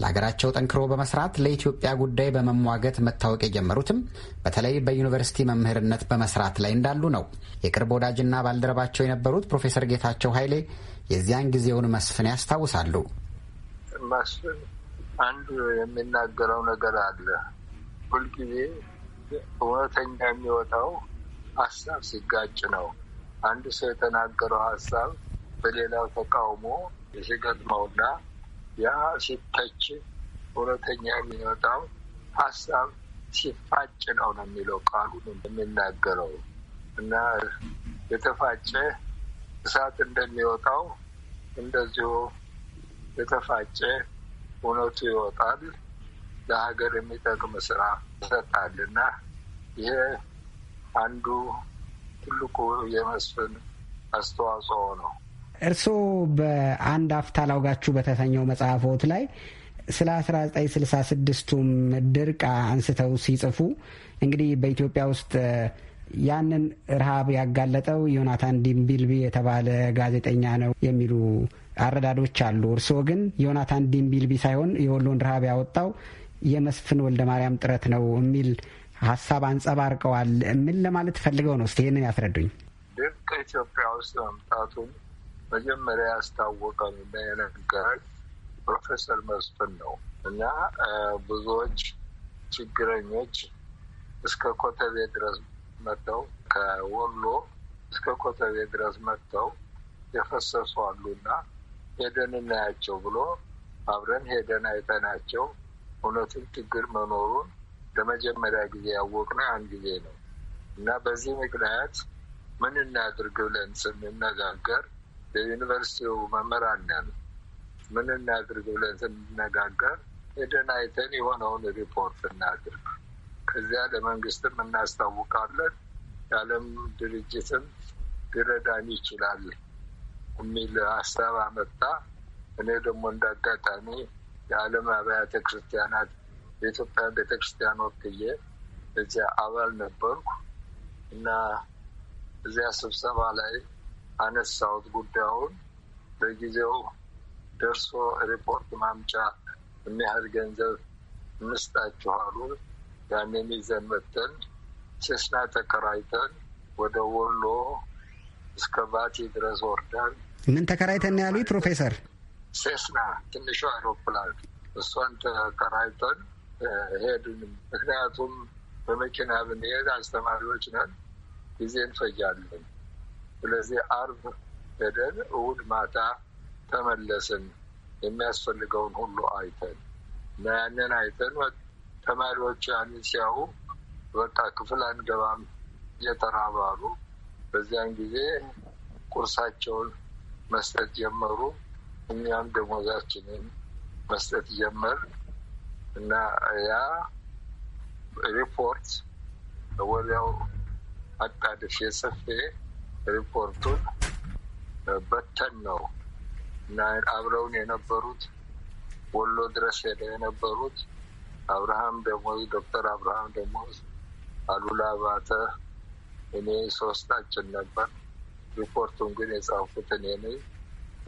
ለሀገራቸው ጠንክሮ በመስራት ለኢትዮጵያ ጉዳይ በመሟገት መታወቅ የጀመሩትም በተለይ በዩኒቨርሲቲ መምህርነት በመስራት ላይ እንዳሉ ነው። የቅርብ ወዳጅና ባልደረባቸው የነበሩት ፕሮፌሰር ጌታቸው ኃይሌ የዚያን ጊዜውን መስፍን ያስታውሳሉ። መስፍን አንድ የሚናገረው ነገር አለ ሁልጊዜ እውነተኛ የሚወጣው ሀሳብ ሲጋጭ ነው። አንድ ሰው የተናገረው ሀሳብ በሌላው ተቃውሞ ሲገጥመውና ያ ሲተች እውነተኛ የሚወጣው ሀሳብ ሲፋጭ ነው ነው የሚለው ቃሉ የሚናገረው እና የተፋጨ እሳት እንደሚወጣው እንደዚሁ የተፋጨ እውነቱ ይወጣል። ለሀገር የሚጠቅም ስራ ይሰጣል እና ይሄ አንዱ ትልቁ የመስፍን አስተዋጽኦ ነው። እርስዎ በአንድ አፍታ ላውጋችሁ በተሰኘው መጽሐፎት ላይ ስለ 1966ቱም ድርቅ አንስተው ሲጽፉ እንግዲህ በኢትዮጵያ ውስጥ ያንን ረሃብ ያጋለጠው ዮናታን ዲምቢልቢ የተባለ ጋዜጠኛ ነው የሚሉ አረዳዶች አሉ። እርስዎ ግን ዮናታን ዲምቢልቢ ሳይሆን የወሎን ረሃብ ያወጣው የመስፍን ወልደ ማርያም ጥረት ነው የሚል ሀሳብ አንጸባርቀዋል። ምን ለማለት ፈልገው ነው? እስቲ ይህንን ያስረዱኝ። ድርቅ ኢትዮጵያ ውስጥ መምጣቱን መጀመሪያ ያስታወቀን እና የነገረን ፕሮፌሰር መስፍን ነው እና ብዙዎች ችግረኞች እስከ ኮተቤ ድረስ መጥተው ከወሎ እስከ ኮተቤ ድረስ መጥተው የፈሰሱ አሉና ሄደን እናያቸው ብሎ አብረን ሄደን አይተናቸው እውነትም ችግር መኖሩን ለመጀመሪያ ጊዜ ያወቅነ አንድ ጊዜ ነው እና በዚህ ምክንያት ምን እናድርግ ብለን ስንነጋገር የዩኒቨርሲቲው መምህራን ነው። ምን እናድርግ ብለን ስንነጋገር ሄደን አይተን የሆነውን ሪፖርት እናድርግ፣ ከዚያ ለመንግስትም እናስታውቃለን፣ የዓለም ድርጅትም ሊረዳን ይችላል የሚል ሀሳብ አመጣ። እኔ ደግሞ እንዳጋጣሚ የዓለም አብያተ ክርስቲያናት የኢትዮጵያ ቤተክርስቲያን ወክዬ እዚያ አባል ነበርኩ እና እዚያ ስብሰባ ላይ አነሳሁት ጉዳዩን። በጊዜው ደርሶ ሪፖርት ማምጫ የሚያህል ገንዘብ እንስጣችኋሉ። ያንን ይዘን መተን ሴስና ተከራይተን ወደ ወሎ እስከ ባቲ ድረስ ወርዳን። ምን ተከራይተን ያሉኝ ፕሮፌሰር ሴስና ትንሿ አውሮፕላን እሷን ተከራይተን ሄድን። ምክንያቱም በመኪና ብንሄድ አስተማሪዎች ነን፣ ጊዜ እንፈጃለን። ስለዚህ አርብ ሄደን እሑድ ማታ ተመለስን። የሚያስፈልገውን ሁሉ አይተን እና ያንን አይተን ተማሪዎች ያንን ሲያዩ በቃ ክፍል አንገባም እየተራባሉ በዚያን ጊዜ ቁርሳቸውን መስጠት ጀመሩ። እኛም ደሞዛችንን መስጠት ጀመር እና ያ ሪፖርት ወዲያው አጣድፌ ጽፌ ሪፖርቱን በተን ነው እና አብረውን የነበሩት ወሎ ድረስ ሄደ የነበሩት አብርሃም ደሞዝ፣ ዶክተር አብርሃም ደሞዝ፣ አሉላ አባተ፣ እኔ ሶስታችን ነበር። ሪፖርቱን ግን የጻፉት እኔ ነኝ።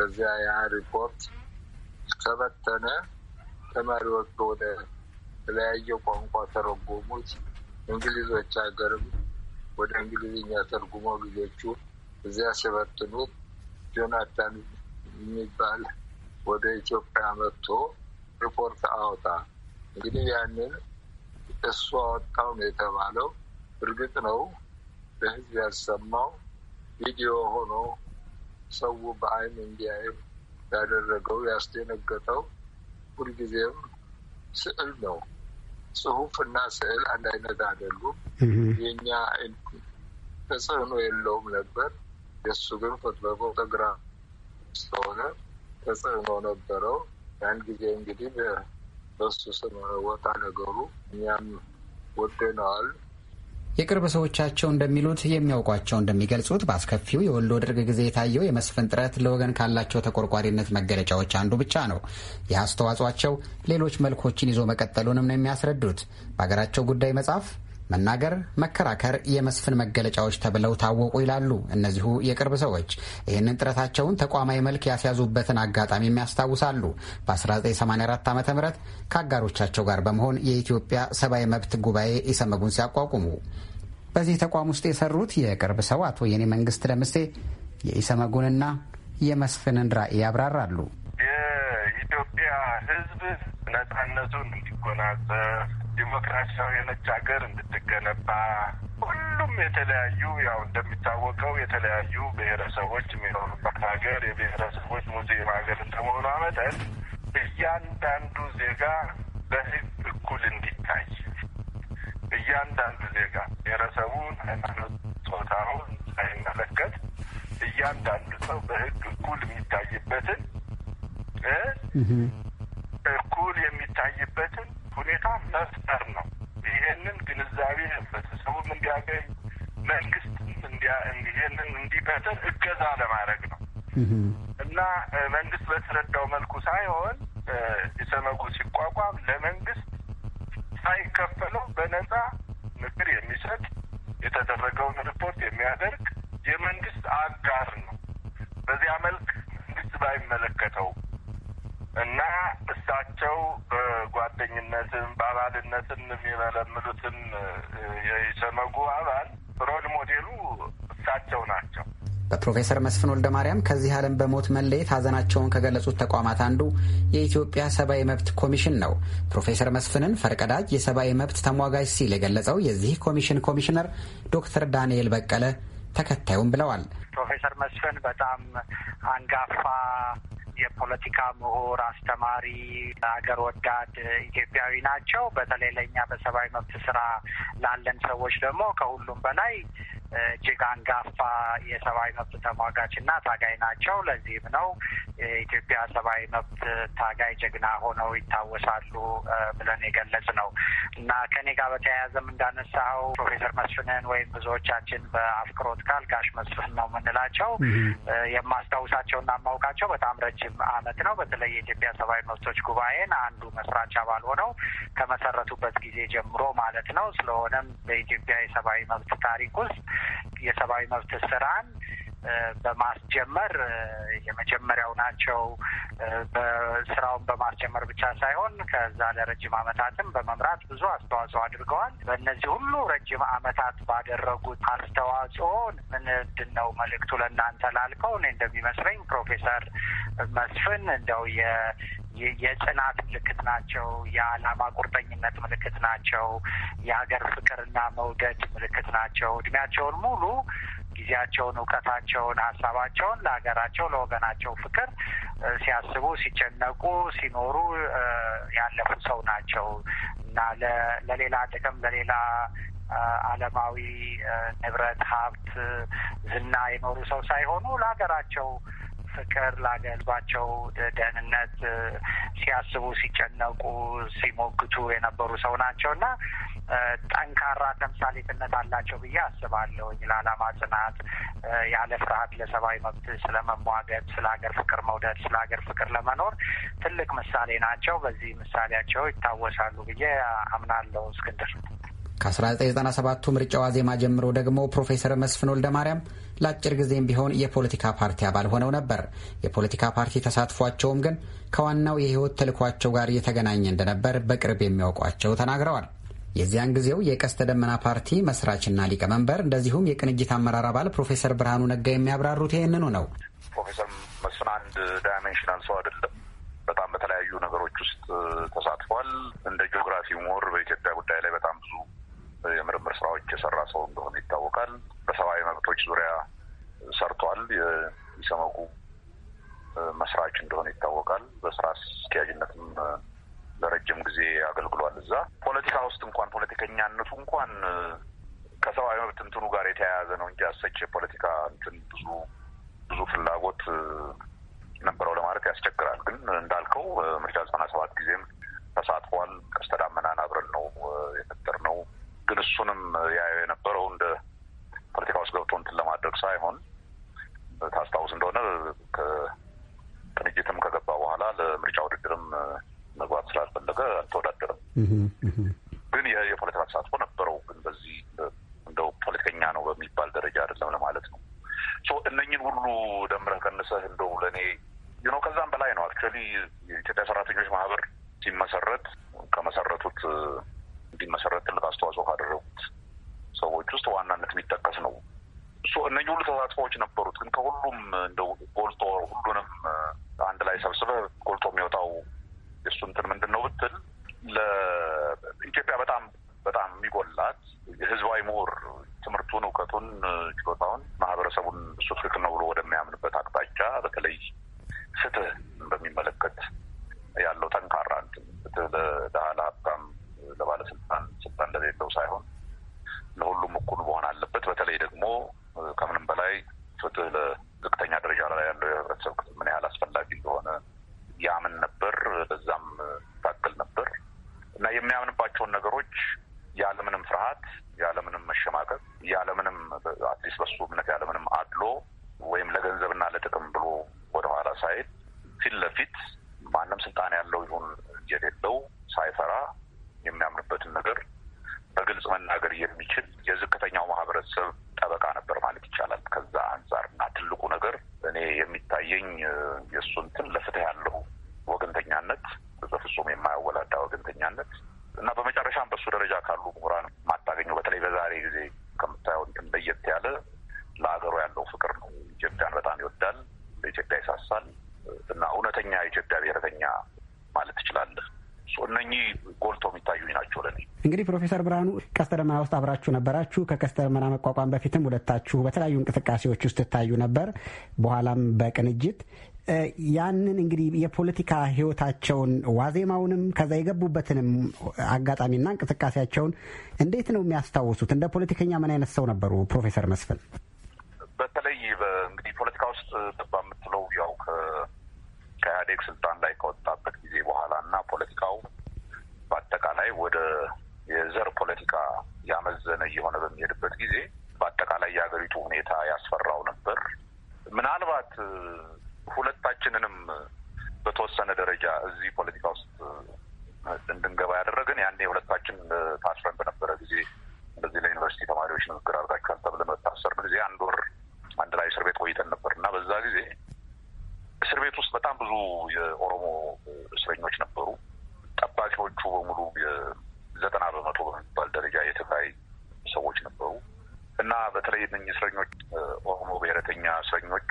በዚያ ያ ሪፖርት ተበተነ። ተማሪዎቹ ወደ ተለያየ ቋንቋ ተረጎሙት። እንግሊዞች ሀገርም ወደ እንግሊዝኛ ተርጉሞ ልጆቹ እዚያ ሲበትኑ ጆናታን የሚባል ወደ ኢትዮጵያ መጥቶ ሪፖርት አወጣ። እንግዲህ ያንን እሱ አወጣው ነው የተባለው። እርግጥ ነው በህዝብ ያሰማው ቪዲዮ ሆኖ ሰው በአይን እንዲያይ ያደረገው ያስደነገጠው ሁልጊዜም ስዕል ነው። ጽሁፍ እና ስዕል አንድ አይነት አይደሉም። የእኛ ተጽዕኖ የለውም ነበር። የእሱ ግን ፎቶግራፍ ስለሆነ ተጽዕኖ ነበረው። ያን ጊዜ እንግዲህ በሱ ስም ወጣ ነገሩ። እኛም ወደነዋል። የቅርብ ሰዎቻቸው እንደሚሉት የሚያውቋቸው እንደሚገልጹት በአስከፊው የወሎ ድርግ ጊዜ የታየው የመስፍን ጥረት ለወገን ካላቸው ተቆርቋሪነት መገለጫዎች አንዱ ብቻ ነው። ይህ አስተዋጽኦአቸው ሌሎች መልኮችን ይዞ መቀጠሉንም ነው የሚያስረዱት። በሀገራቸው ጉዳይ መጽሐፍ መናገር፣ መከራከር የመስፍን መገለጫዎች ተብለው ታወቁ ይላሉ እነዚሁ የቅርብ ሰዎች። ይህንን ጥረታቸውን ተቋማዊ መልክ ያስያዙበትን አጋጣሚም ያስታውሳሉ። በ1984 ዓ ም ከአጋሮቻቸው ጋር በመሆን የኢትዮጵያ ሰብአዊ መብት ጉባኤ ኢሰመጉን ሲያቋቁሙ በዚህ ተቋም ውስጥ የሰሩት የቅርብ ሰው አቶ የኔ መንግስት ለምሴ የኢሰመጉንና የመስፍንን ራዕይ ያብራራሉ። የኢትዮጵያ ሕዝብ ነጻነቱን እንዲጎናጸፍ ዲሞክራሲያዊ የነጭ ሀገር እንድትገነባ ሁሉም የተለያዩ ያው እንደሚታወቀው የተለያዩ ብሔረሰቦች የሚኖሩበት ሀገር የብሔረሰቦች ሙዚየም ሀገር እንደመሆኗ መጠን እያንዳንዱ ዜጋ በህግ እኩል እንዲታይ እያንዳንዱ ዜጋ ብሔረሰቡን፣ ሃይማኖት፣ ጾታውን ሳይመለከት እያንዳንዱ ሰው በህግ እኩል የሚታይበትን እኩል የሚታይበትን ሁኔታ መፍጠር ነው። ይሄንን ግንዛቤ ህብረተሰቡም እንዲያገኝ መንግስትም ይሄንን እንዲፈጥር እገዛ ለማድረግ ነው እና መንግስት በተረዳው መልኩ ሳይሆን ኢሰመጉ ሲቋቋም ለመንግስት ሳይከፈለው በነጻ ምክር የሚሰጥ የተደረገውን ሪፖርት የሚያደርግ የመንግስት አጋር ነው። በዚያ መልክ መንግስት ባይመለከተው እና እሳቸው በጓደኝነትም በአባልነትም የሚመለምሉትን የሰመጉ አባል ሮል ሞዴሉ እሳቸው ናቸው። በፕሮፌሰር መስፍን ወልደ ማርያም ከዚህ ዓለም በሞት መለየት ሀዘናቸውን ከገለጹት ተቋማት አንዱ የኢትዮጵያ ሰብአዊ መብት ኮሚሽን ነው። ፕሮፌሰር መስፍንን ፈርቀዳጅ የሰብአዊ መብት ተሟጋጅ ሲል የገለጸው የዚህ ኮሚሽን ኮሚሽነር ዶክተር ዳንኤል በቀለ ተከታዩም ብለዋል። ፕሮፌሰር መስፍን በጣም አንጋፋ የፖለቲካ ምሁር፣ አስተማሪ፣ ሀገር ወዳድ ኢትዮጵያዊ ናቸው። በተለይ ለእኛ በሰብአዊ መብት ስራ ላለን ሰዎች ደግሞ ከሁሉም በላይ እጅግ አንጋፋ የሰብአዊ መብት ተሟጋችና ታጋይ ናቸው። ለዚህም ነው የኢትዮጵያ ሰብአዊ መብት ታጋይ ጀግና ሆነው ይታወሳሉ ብለን የገለጽ ነው እና ከኔ ጋር በተያያዘም እንዳነሳው ፕሮፌሰር መስፍንን ወይም ብዙዎቻችን በአፍቅሮት ቃል ጋሽ መስፍን ነው የምንላቸው እና የማውቃቸው በጣም ረጅም ዓመት ነው። በተለይ የኢትዮጵያ ሰብአዊ መብቶች ጉባኤን አንዱ መስራች አባል ሆነው ከመሰረቱበት ጊዜ ጀምሮ ማለት ነው። ስለሆነም በኢትዮጵያ የሰብአዊ መብት ታሪክ ውስጥ Y esa a veces በማስጀመር የመጀመሪያው ናቸው። በስራውን በማስጀመር ብቻ ሳይሆን ከዛ ለረጅም ዓመታትም በመምራት ብዙ አስተዋጽኦ አድርገዋል። በእነዚህ ሁሉ ረጅም ዓመታት ባደረጉት አስተዋጽኦ ምንድን ነው መልእክቱ ለእናንተ ላልከው እኔ እንደሚመስለኝ ፕሮፌሰር መስፍን እንደው የጽናት ምልክት ናቸው። የዓላማ ቁርጠኝነት ምልክት ናቸው። የሀገር ፍቅርና መውደድ ምልክት ናቸው። እድሜያቸውን ሙሉ ጊዜያቸውን፣ እውቀታቸውን፣ ሀሳባቸውን ለሀገራቸው ለወገናቸው ፍቅር ሲያስቡ ሲጨነቁ ሲኖሩ ያለፉ ሰው ናቸው እና ለሌላ ጥቅም ለሌላ ዓለማዊ ንብረት ሀብት፣ ዝና የኖሩ ሰው ሳይሆኑ ለሀገራቸው ፍቅር ላገልባቸው ደህንነት ሲያስቡ ሲጨነቁ ሲሞግቱ የነበሩ ሰው ናቸው እና ጠንካራ ተምሳሌትነት አላቸው ብዬ አስባለሁኝ። ለዓላማ ጽናት፣ ያለ ፍርሃት ለሰብአዊ መብት ስለመሟገት፣ ስለ ሀገር ፍቅር መውደድ፣ ስለ ሀገር ፍቅር ለመኖር ትልቅ ምሳሌ ናቸው። በዚህ ምሳሌያቸው ይታወሳሉ ብዬ አምናለሁ። እስክንድር ከ1997ቱ ምርጫ ዋዜማ ጀምሮ ደግሞ ፕሮፌሰር መስፍን ወልደ ማርያም ለአጭር ጊዜም ቢሆን የፖለቲካ ፓርቲ አባል ሆነው ነበር። የፖለቲካ ፓርቲ ተሳትፏቸውም ግን ከዋናው የሕይወት ተልኳቸው ጋር እየተገናኘ እንደነበር በቅርብ የሚያውቋቸው ተናግረዋል። የዚያን ጊዜው የቀስተ ደመና ፓርቲ መስራችና ሊቀመንበር እንደዚሁም የቅንጅት አመራር አባል ፕሮፌሰር ብርሃኑ ነጋ የሚያብራሩት ይህንኑ ነው። ፕሮፌሰር መስፍን አንድ ዳይሜንሽናል ሰው አይደለም። በጣም በተለያዩ ነገሮች ውስጥ ተሳትፏል። እንደ ጂኦግራፊ ሞር በኢትዮጵያ ጉዳይ ላይ በጣም ብዙ የምርምር ስራዎች የሰራ ሰው እንደሆነ ይታወቃል። በሰብአዊ መብቶች ዙሪያ ሰርቷል። የኢሰመጉ መስራች እንደሆነ ይታወቃል። በስራ አስኪያጅነትም ለረጅም ጊዜ አገልግሏል። እዛ ፖለቲካ ውስጥ እንኳን ፖለቲከኛነቱ እንኳን ከሰብአዊ መብት እንትኑ ጋር የተያያዘ ነው እንጂ አሰች የፖለቲካ እንትን ብዙ ብዙ ፍላጎት ነበረው ለማለት ያስቸግራል። ግን እንዳልከው ምርጫ ዘጠና ሰባት ጊዜም ተሳትፏል። ቀስተ ዳመናን አብረን ነው ነው። ግን እሱንም ያየው የነበረው እንደ ፖለቲካ ውስጥ ገብቶ እንትን ለማድረግ ሳይሆን ታስታውስ እንደሆነ ከቅንጅትም ከገባ በኋላ ለምርጫ ውድድርም መግባት ስላልፈለገ አልተወዳደርም። ግን የፖለቲካ ተሳትፎ ነበረው። ግን በዚህ እንደው ፖለቲከኛ ነው በሚባል ደረጃ አይደለም ለማለት ነው። እነኝን ሁሉ ደምረህ ቀንሰህ እንደው ለእኔ ዩኖ ከዛም በላይ ነው። አክቹዋሊ የኢትዮጵያ ሰራተኞች ማህበር ሲመሰረት ከመሰረቱት እንዲመሰረት ትልቅ አስተዋጽኦ ካደረጉት ሰዎች ውስጥ ዋናነት የሚጠቀስ ነው። እነኝ ሁሉ ተሳትፎዎች ነበሩት። ግን ከሁሉም እንደው ጎልቶ ሁሉንም አንድ ላይ ሰብስበህ ጎልቶ የሚወጣው የእሱ እንትን ምንድን ነው ብትል ለኢትዮጵያ በጣም በጣም የሚጎላት የህዝባዊ ምሁር ትምህርቱን፣ እውቀቱን፣ ችሎታውን ማህበረሰቡን እሱ ትክክል ነው ብሎ ወደሚያምንበት አቅጣጫ በተለይ ፍትህ በሚመለከት ያለው ጠንካራ እንትን ፍትህ ለድሀ፣ ለሀብታም፣ ለባለስልጣን ስልጣን ለሌለው ሳይሆን ለሁሉም እኩል መሆን አለበት። በተለይ ደግሞ ከምንም በላይ ፍትህ ፕሮፌሰር ብርሃኑ ቀስተደመና ውስጥ አብራችሁ ነበራችሁ። ከቀስተደመና መቋቋም በፊትም ሁለታችሁ በተለያዩ እንቅስቃሴዎች ውስጥ ትታዩ ነበር፣ በኋላም በቅንጅት ያንን እንግዲህ የፖለቲካ ህይወታቸውን ዋዜማውንም ከዛ የገቡበትንም አጋጣሚና እንቅስቃሴያቸውን እንዴት ነው የሚያስታውሱት? እንደ ፖለቲከኛ ምን አይነት ሰው ነበሩ ፕሮፌሰር መስፍን? በተለይ እንግዲህ ፖለቲካ ውስጥ ገባ የምትለው ያው ከኢህአዴግ ስልጣን ላይ ከወጣበት ጊዜ በኋላ እና ፖለቲካው በአጠቃላይ ወደ የዘር ፖለቲካ ያመዘነ እየሆነ በሚሄድበት ጊዜ በአጠቃላይ የሀገሪቱ ሁኔታ ያስፈራው ነበር። ምናልባት ሁለታችንንም በተወሰነ ደረጃ እዚህ ፖለቲካ ውስጥ እንድንገባ ያደረገን ያኔ ሁለታችን ታስረን በነበረ ጊዜ እንደዚህ ለዩኒቨርሲቲ ተማሪዎች ንግግር አድርጋችኋል ተብለን በታሰርን ጊዜ አንድ ወር አንድ ላይ እስር ቤት ቆይተን ነበር እና በዛ ጊዜ እስር ቤት ውስጥ በጣም ብዙ የኦሮሞ እስረኞች ነበሩ። ጠባቂዎቹ በሙሉ ዘጠና በመቶ በሚባል ደረጃ የትግራይ ሰዎች ነበሩ እና በተለይ እነኝህ እስረኞች ኦሮሞ ብሔረተኛ እስረኞች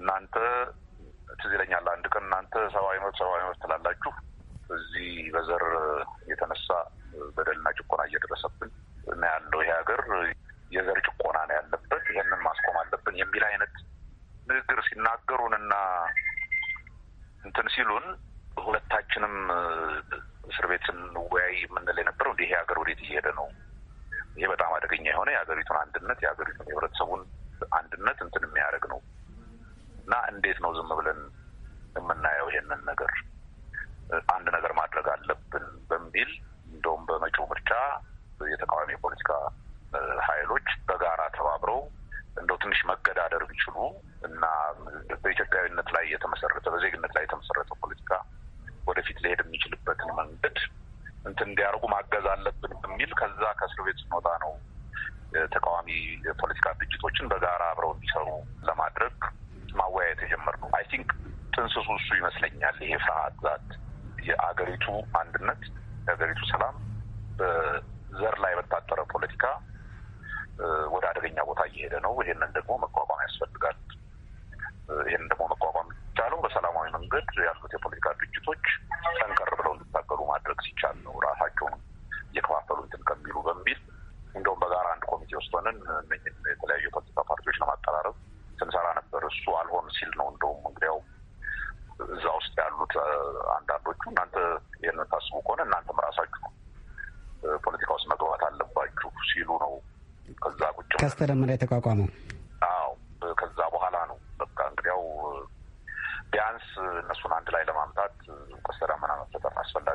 እናንተ ትዝ ይለኛል አንድ ቀን እናንተ ሰብአዊ መብት ሰብአዊ መብት ትላላችሁ እዚህ በዘር የተነሳ በደልና ጭቆና እየደረሰብን እና ያለው ይሄ ሀገር የዘር ጭቆና ነው ያለበት፣ ይህንን ማስቆም አለብን የሚል አይነት ንግግር ሲናገሩን እና እንትን ሲሉን ሁለታችንም እስር ቤት ስንወያይ የምንል የነበረው እንዲህ ይሄ ሀገር ወዴት እየሄደ ነው? ይሄ በጣም አደገኛ የሆነ የሀገሪቱን አንድነት የሀገሪቱን የህብረተሰቡን አንድነት እንትን የሚያደርግ ነው እና እንዴት ነው ዝም ብለን የምናየው? ይሄንን ነገር አንድ ነገር ማድረግ አለብን በሚል እንደውም በመጪው ምርጫ የተቃዋሚ የፖለቲካ ኃይሎች በጋራ ተባብረው እንደው ትንሽ መገዳደር ቢችሉ እና በኢትዮጵያዊነት ላይ የተመሰረተ በዜግነት ላይ የተመሰረተ ፖለቲካ ወደፊት ሊሄድ የሚችልበትን መንገድ እንትን እንዲያደርጉ ማገዝ አለብን በሚል ከዛ ከእስር ቤት ስንወጣ ነው ተቃዋሚ የፖለቲካ ድርጅቶችን በጋራ አብረው እንዲሰሩ ለማድረግ ማወያየት የጀመርነው። አይ ቲንክ ጥንስሱ እሱ ይመስለኛል። ይሄ ፍርሃት ዛት የአገሪቱ አንድነት የአገሪቱ ሰላም በዘር ላይ በታጠረ ፖለቲካ ወደ አደገኛ ቦታ እየሄደ ነው። ይሄንን ደግሞ መቋቋም ያስፈልጋል። ይህንን ደግሞ መቋቋም የሚቻለው በሰላማዊ መንገድ ያሉት የፖለቲካ ድርጅቶች ጠንከር ብለው እንዲታገሉ ማድረግ ሲቻል ነው። ራሳቸውን እየከፋፈሉ እንትን ከሚሉ በሚል እንደውም በጋራ አንድ ኮሚቴ ውስጥ ሆነን እነኝን የተለያዩ የፖለቲካ ፓርቲዎች ለማጠራረብ ስንሰራ ነበር። እሱ አልሆን ሲል ነው እንደውም እንግዲያው እዛ ውስጥ ያሉት አንዳንዶቹ እናንተ ይህንን ታስቡ ከሆነ እናንተም ራሳችሁ ፖለቲካ ውስጥ መግባት አለባችሁ ሲሉ ነው ከዛ ቁጭ ከስተደመረ የተቋቋመው። አዎ እነሱን አንድ ላይ ለማምጣት ደመና ምናምን አስፈላጊ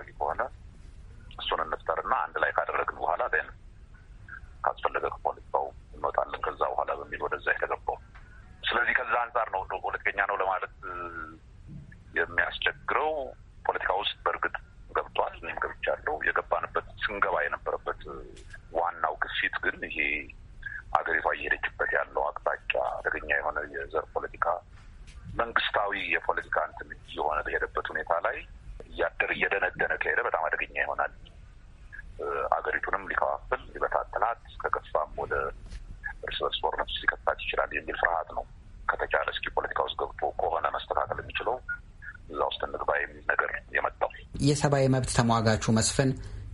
የሰብአዊ መብት ተሟጋቹ መስፍን፣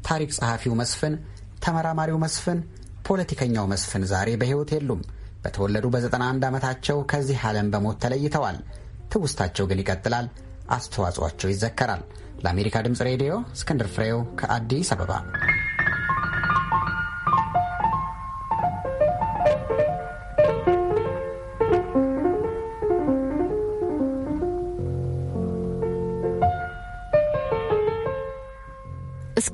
ታሪክ ጸሐፊው መስፍን፣ ተመራማሪው መስፍን፣ ፖለቲከኛው መስፍን ዛሬ በሕይወት የሉም። በተወለዱ በ91 ዓመታቸው ከዚህ ዓለም በሞት ተለይተዋል። ትውስታቸው ግን ይቀጥላል፣ አስተዋጽኦአቸው ይዘከራል። ለአሜሪካ ድምፅ ሬዲዮ እስክንድር ፍሬው ከአዲስ አበባ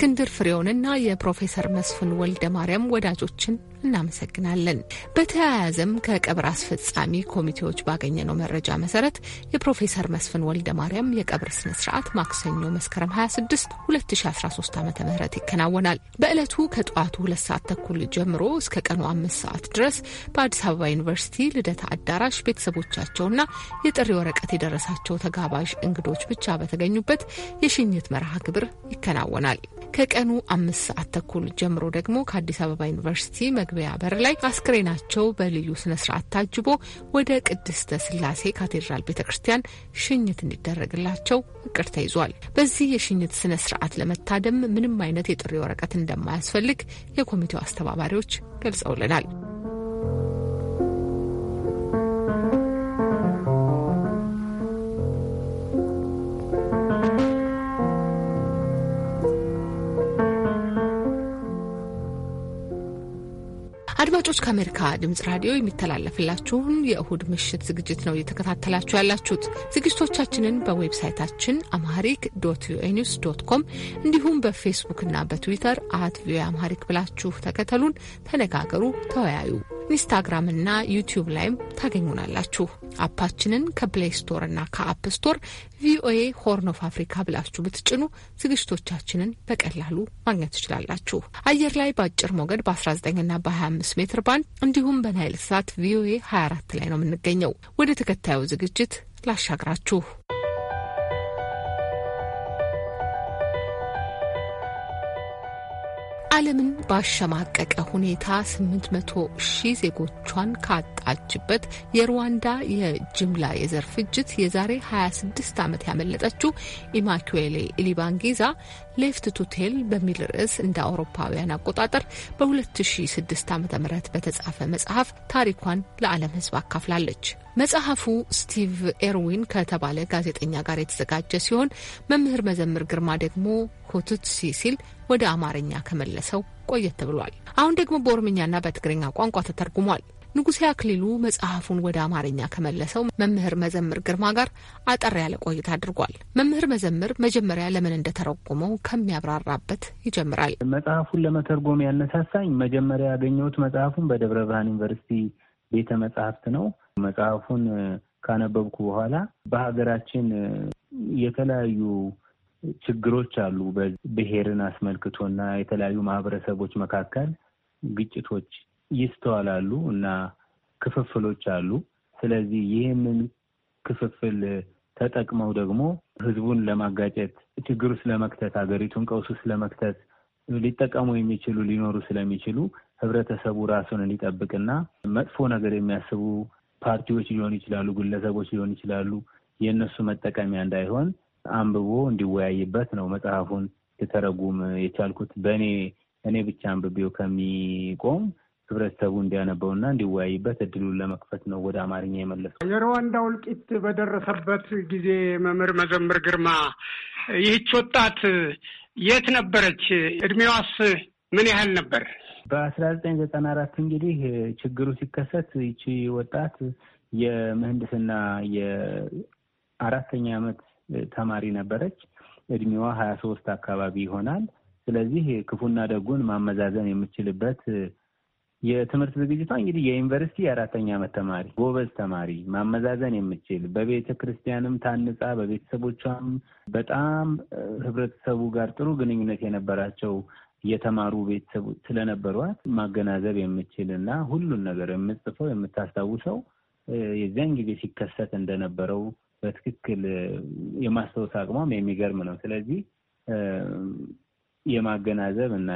እስክንድር ፍሬውንና የፕሮፌሰር መስፍን ወልደ ማርያም ወዳጆችን እናመሰግናለን። በተያያዘም ከቀብር አስፈጻሚ ኮሚቴዎች ባገኘነው መረጃ መሰረት የፕሮፌሰር መስፍን ወልደ ማርያም የቀብር ስነ ስርዓት ማክሰኞ መስከረም 26 2013 ዓ ም ይከናወናል። በዕለቱ ከጠዋቱ ሁለት ሰዓት ተኩል ጀምሮ እስከ ቀኑ አምስት ሰዓት ድረስ በአዲስ አበባ ዩኒቨርሲቲ ልደታ አዳራሽ ቤተሰቦቻቸውና የጥሪ ወረቀት የደረሳቸው ተጋባዥ እንግዶች ብቻ በተገኙበት የሽኝት መርሃ ግብር ይከናወናል። ከቀኑ አምስት ሰዓት ተኩል ጀምሮ ደግሞ ከአዲስ አበባ ዩኒቨርሲቲ መግቢያ በር ላይ አስክሬናቸው በልዩ ስነ ስርዓት ታጅቦ ወደ ቅድስተ ስላሴ ካቴድራል ቤተ ክርስቲያን ሽኝት እንዲደረግላቸው እቅድ ተይዟል። በዚህ የሽኝት ስነ ስርዓት ለመታደም ምንም አይነት የጥሪ ወረቀት እንደማያስፈልግ የኮሚቴው አስተባባሪዎች ገልጸውልናል። አድማጮች ከአሜሪካ ድምጽ ራዲዮ የሚተላለፍላችሁን የእሁድ ምሽት ዝግጅት ነው እየተከታተላችሁ ያላችሁት። ዝግጅቶቻችንን በዌብሳይታችን አማሪክ ዶት ቪኦኤ ኒውስ ዶት ኮም እንዲሁም በፌስቡክና በትዊተር አት ቪኦኤ አማሪክ ብላችሁ ተከተሉን፣ ተነጋገሩ፣ ተወያዩ። ኢንስታግራምና ዩቲዩብ ላይም ታገኙናላችሁ። አፓችንን ከፕሌይ ስቶር እና ከአፕ ስቶር ቪኦኤ ሆርን ኦፍ አፍሪካ ብላችሁ ብትጭኑ ዝግጅቶቻችንን በቀላሉ ማግኘት ትችላላችሁ። አየር ላይ በአጭር ሞገድ በ19ና በ25 ሜትር ሜትር ባንድ እንዲሁም በናይል ሳት ቪኦኤ 24 ላይ ነው የምንገኘው። ወደ ተከታዩ ዝግጅት ላሻግራችሁ። ዓለምን ባሸማቀቀ ሁኔታ 800 ሺህ ዜጎቿን ካጣችበት የሩዋንዳ የጅምላ የዘር ፍጅት የዛሬ 26 ዓመት ያመለጠችው ኢማኩዌሌ ሊባንጊዛ ሌፍት ቱቴል በሚል ርዕስ እንደ አውሮፓውያን አቆጣጠር በ2006 ዓ ም በተጻፈ መጽሐፍ ታሪኳን ለዓለም ሕዝብ አካፍላለች። መጽሐፉ ስቲቭ ኤርዊን ከተባለ ጋዜጠኛ ጋር የተዘጋጀ ሲሆን መምህር መዘምር ግርማ ደግሞ ኮትትሲ ሲል ወደ አማርኛ ከመለሰው ቆየት ብሏል። አሁን ደግሞ በኦሮምኛና በትግርኛ ቋንቋ ተተርጉሟል። ንጉሴ አክሊሉ መጽሐፉን ወደ አማርኛ ከመለሰው መምህር መዘምር ግርማ ጋር አጠር ያለ ቆይታ አድርጓል። መምህር መዘምር መጀመሪያ ለምን እንደተረጎመው ከሚያብራራበት ይጀምራል። መጽሐፉን ለመተርጎም ያነሳሳኝ መጀመሪያ ያገኘሁት መጽሐፉን በደብረ ብርሃን ዩኒቨርሲቲ ቤተ መጽሐፍት ነው። መጽሐፉን ካነበብኩ በኋላ በሀገራችን የተለያዩ ችግሮች አሉ። ብሔርን እና የተለያዩ ማህበረሰቦች መካከል ግጭቶች ይስተዋላሉ እና ክፍፍሎች አሉ። ስለዚህ ይህንን ክፍፍል ተጠቅመው ደግሞ ህዝቡን ለማጋጨት፣ ችግር ውስጥ ለመክተት፣ ሀገሪቱን ቀውስ ውስጥ ለመክተት ሊጠቀሙ የሚችሉ ሊኖሩ ስለሚችሉ ህብረተሰቡ ራሱን እንዲጠብቅና መጥፎ ነገር የሚያስቡ ፓርቲዎች ሊሆኑ ይችላሉ፣ ግለሰቦች ሊሆኑ ይችላሉ የእነሱ መጠቀሚያ እንዳይሆን አንብቦ እንዲወያይበት ነው መጽሐፉን ልተረጉም የቻልኩት። በእኔ እኔ ብቻ አንብቤው ከሚቆም ህብረተሰቡ እንዲያነበውና እንዲወያይበት እድሉን ለመክፈት ነው ወደ አማርኛ የመለሱ የሩዋንዳ እልቂት በደረሰበት ጊዜ መምህር መዘምር ግርማ፣ ይህች ወጣት የት ነበረች? እድሜዋስ ምን ያህል ነበር? በአስራ ዘጠኝ ዘጠና አራት እንግዲህ ችግሩ ሲከሰት ይቺ ወጣት የምህንድስና የአራተኛ ዓመት ተማሪ ነበረች። እድሜዋ ሀያ ሶስት አካባቢ ይሆናል። ስለዚህ ክፉና ደጉን ማመዛዘን የምችልበት የትምህርት ዝግጅቷ እንግዲህ የዩኒቨርሲቲ የአራተኛ ዓመት ተማሪ ጎበዝ ተማሪ ማመዛዘን የምችል በቤተ ክርስቲያንም ታንጻ በቤተሰቦቿም በጣም ህብረተሰቡ ጋር ጥሩ ግንኙነት የነበራቸው የተማሩ ቤተሰቡ ስለነበሯት ማገናዘብ የምችል እና ሁሉን ነገር የምጽፈው የምታስታውሰው የዚያን ጊዜ ሲከሰት እንደነበረው በትክክል የማስታወስ አቅሟም የሚገርም ነው። ስለዚህ የማገናዘብ እና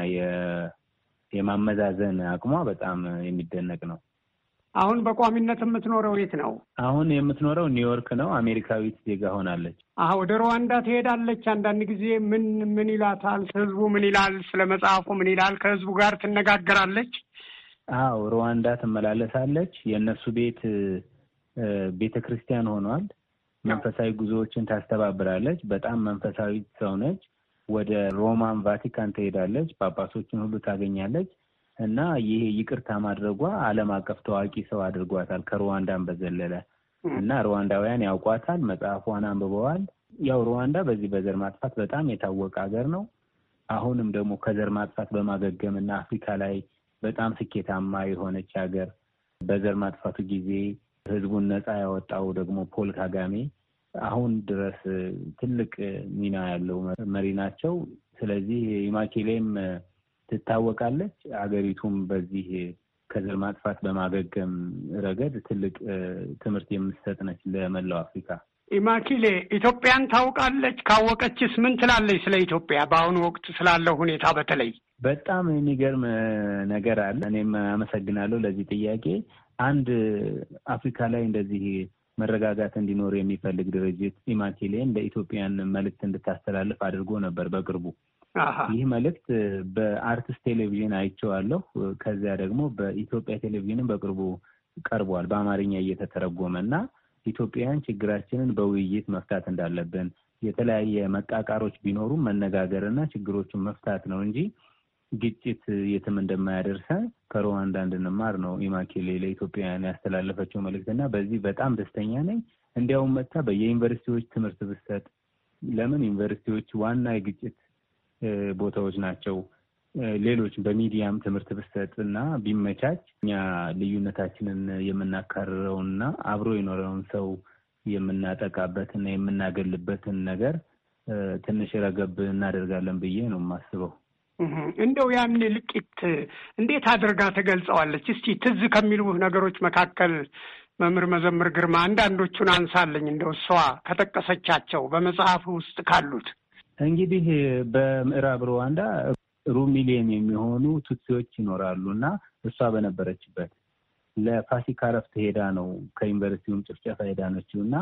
የማመዛዘን አቅሟ በጣም የሚደነቅ ነው። አሁን በቋሚነት የምትኖረው የት ነው? አሁን የምትኖረው ኒውዮርክ ነው። አሜሪካዊት ዜጋ ሆናለች። አሀ ወደ ሩዋንዳ ትሄዳለች። አንዳንድ ጊዜ ምን ምን ይላታል? ህዝቡ ምን ይላል? ስለ መጽሐፉ ምን ይላል? ከህዝቡ ጋር ትነጋገራለች? አዎ ሩዋንዳ ትመላለሳለች። የእነሱ ቤት ቤተ ክርስቲያን ሆኗል። መንፈሳዊ ጉዞዎችን ታስተባብራለች። በጣም መንፈሳዊ ሰው ነች። ወደ ሮማን ቫቲካን ትሄዳለች። ጳጳሶችን ሁሉ ታገኛለች። እና ይሄ ይቅርታ ማድረጓ ዓለም አቀፍ ታዋቂ ሰው አድርጓታል ከሩዋንዳን በዘለለ እና ሩዋንዳውያን ያውቋታል፣ መጽሐፏን አንብበዋል። ያው ሩዋንዳ በዚህ በዘር ማጥፋት በጣም የታወቀ ሀገር ነው። አሁንም ደግሞ ከዘር ማጥፋት በማገገም እና አፍሪካ ላይ በጣም ስኬታማ የሆነች ሀገር በዘር ማጥፋቱ ጊዜ ህዝቡን ነፃ ያወጣው ደግሞ ፖል ካጋሜ አሁን ድረስ ትልቅ ሚና ያለው መሪ ናቸው። ስለዚህ ኢማኬሌም ትታወቃለች። አገሪቱም በዚህ ከዘር ማጥፋት በማገገም ረገድ ትልቅ ትምህርት የምትሰጥ ነች ለመላው አፍሪካ። ኢማኪሌ ኢትዮጵያን ታውቃለች። ካወቀችስ ምን ትላለች ስለ ኢትዮጵያ በአሁኑ ወቅት ስላለው ሁኔታ? በተለይ በጣም የሚገርም ነገር አለ። እኔም አመሰግናለሁ ለዚህ ጥያቄ። አንድ አፍሪካ ላይ እንደዚህ መረጋጋት እንዲኖር የሚፈልግ ድርጅት ኢማኪሌን ለኢትዮጵያን መልእክት እንድታስተላልፍ አድርጎ ነበር በቅርቡ። ይህ መልእክት በአርትስ ቴሌቪዥን አይቼዋለሁ። ከዚያ ደግሞ በኢትዮጵያ ቴሌቪዥንም በቅርቡ ቀርቧል በአማርኛ እየተተረጎመ እና ኢትዮጵያውያን ችግራችንን በውይይት መፍታት እንዳለብን የተለያየ መቃቃሮች ቢኖሩም መነጋገርና ችግሮቹን መፍታት ነው እንጂ ግጭት የትም እንደማያደርሰ ከሩዋንዳ እንድንማር ነው ኢማኬሌ ለኢትዮጵያውያን ያስተላለፈችው መልእክት እና በዚህ በጣም ደስተኛ ነኝ። እንዲያውም መታ በየዩኒቨርሲቲዎች ትምህርት ብሰጥ ለምን ዩኒቨርሲቲዎች ዋና የግጭት ቦታዎች ናቸው። ሌሎች በሚዲያም ትምህርት ብሰጥ እና ቢመቻች እኛ ልዩነታችንን የምናካርረውና አብሮ የኖረውን ሰው የምናጠቃበትና የምናገልበትን ነገር ትንሽ ረገብ እናደርጋለን ብዬ ነው የማስበው። እንደው ያን ልቂት እንዴት አድርጋ ትገልጸዋለች? እስቲ ትዝ ከሚሉ ነገሮች መካከል መምህር መዘምር ግርማ አንዳንዶቹን አንሳለኝ። እንደው እሷ ከጠቀሰቻቸው በመጽሐፍ ውስጥ ካሉት እንግዲህ በምዕራብ ሩዋንዳ ሩብ ሚሊዮን የሚሆኑ ቱትሲዎች ይኖራሉ እና እሷ በነበረችበት ለፋሲካ እረፍት ሄዳ ነው ከዩኒቨርሲቲውም ጭፍጨፋ ሄዳ ነችው እና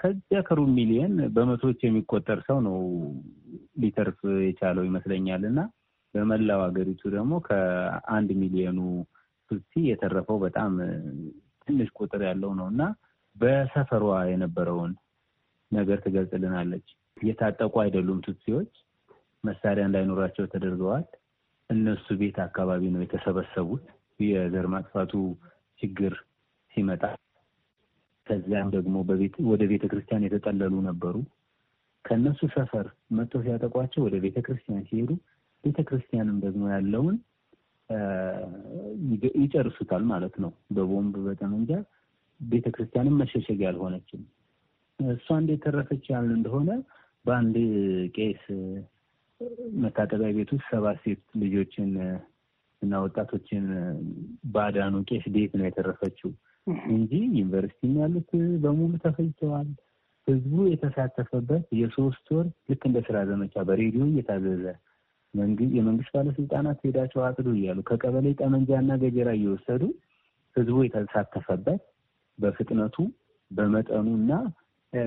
ከዚያ ከሩብ ሚሊየን በመቶዎች የሚቆጠር ሰው ነው ሊተርፍ የቻለው ይመስለኛል እና በመላው ሀገሪቱ ደግሞ ከአንድ ሚሊዮኑ ፍልቲ የተረፈው በጣም ትንሽ ቁጥር ያለው ነው እና በሰፈሯ የነበረውን ነገር ትገልጽልናለች። የታጠቁ አይደሉም ቱትሲዎች፣ መሳሪያ እንዳይኖራቸው ተደርገዋል። እነሱ ቤት አካባቢ ነው የተሰበሰቡት የዘር ማጥፋቱ ችግር ሲመጣ ከዚያም ደግሞ ወደ ቤተ ክርስቲያን የተጠለሉ ነበሩ። ከእነሱ ሰፈር መጥተው ሲያጠቋቸው ወደ ቤተ ክርስቲያን ሲሄዱ ቤተ ክርስቲያንም ደግሞ ያለውን ይጨርሱታል ማለት ነው። በቦምብ በጠመንጃ ቤተ ክርስቲያንም መሸሸግ ያልሆነችም እሷ እንደ የተረፈች ያልን እንደሆነ በአንድ ቄስ መታጠቢያ ቤት ውስጥ ሰባት ሴት ልጆችን እና ወጣቶችን ባዳኑ ቄስ ቤት ነው የተረፈችው። እንጂ ዩኒቨርሲቲም ያሉት በሙሉ ተፈጅተዋል። ህዝቡ የተሳተፈበት የሶስት ወር ልክ እንደ ስራ ዘመቻ በሬዲዮ እየታዘዘ የመንግስት ባለስልጣናት ሄዳቸው አጥዱ እያሉ ከቀበሌ ጠመንጃና ገጀራ እየወሰዱ ህዝቡ የተሳተፈበት በፍጥነቱ በመጠኑና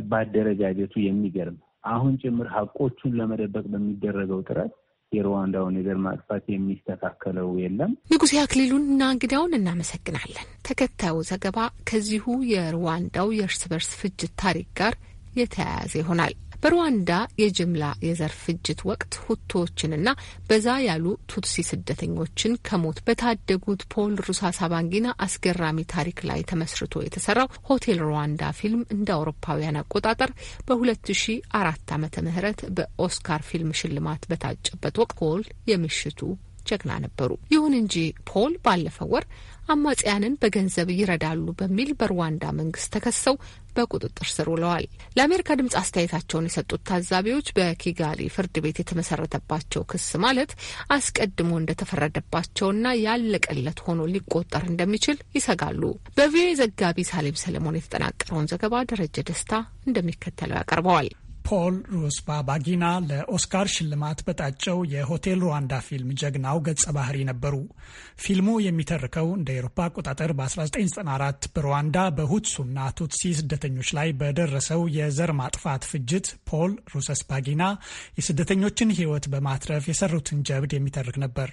በአደረጃጀቱ የሚገርም አሁን ጭምር ሀቆቹን ለመደበቅ በሚደረገው ጥረት የሩዋንዳውን የዘር ማጥፋት የሚስተካከለው የለም። ንጉሴ አክሊሉንና እንግዳውን እናመሰግናለን። ተከታዩ ዘገባ ከዚሁ የሩዋንዳው የእርስ በርስ ፍጅት ታሪክ ጋር የተያያዘ ይሆናል። በሩዋንዳ የጅምላ የዘር ፍጅት ወቅት ሁቶዎችንና በዛ ያሉ ቱትሲ ስደተኞችን ከሞት በታደጉት ፖል ሩሳሳባንጊና አስገራሚ ታሪክ ላይ ተመስርቶ የተሰራው ሆቴል ሩዋንዳ ፊልም እንደ አውሮፓውያን አቆጣጠር በ2004 ዓመተ ምህረት በኦስካር ፊልም ሽልማት በታጨበት ወቅት ፖል የምሽቱ ጀግና ነበሩ። ይሁን እንጂ ፖል ባለፈው ወር አማጽያንን በገንዘብ ይረዳሉ በሚል በሩዋንዳ መንግስት ተከሰው በቁጥጥር ስር ውለዋል። ለአሜሪካ ድምጽ አስተያየታቸውን የሰጡት ታዛቢዎች በኪጋሊ ፍርድ ቤት የተመሰረተባቸው ክስ ማለት አስቀድሞ እንደተፈረደባቸውና ያለቀለት ሆኖ ሊቆጠር እንደሚችል ይሰጋሉ። በቪኦኤ ዘጋቢ ሳሌም ሰለሞን የተጠናቀረውን ዘገባ ደረጀ ደስታ እንደሚከተለው ያቀርበዋል። ፖል ሩስባ ባጊና ለኦስካር ሽልማት በታጨው የሆቴል ሩዋንዳ ፊልም ጀግናው ገጸ ባህሪ ነበሩ። ፊልሙ የሚተርከው እንደ ኤሮፓ አቆጣጠር በ1994 በሩዋንዳ በሁትሱና ቱትሲ ስደተኞች ላይ በደረሰው የዘር ማጥፋት ፍጅት ፖል ሩሰስ ባጊና የስደተኞችን ሕይወት በማትረፍ የሰሩትን ጀብድ የሚተርክ ነበር።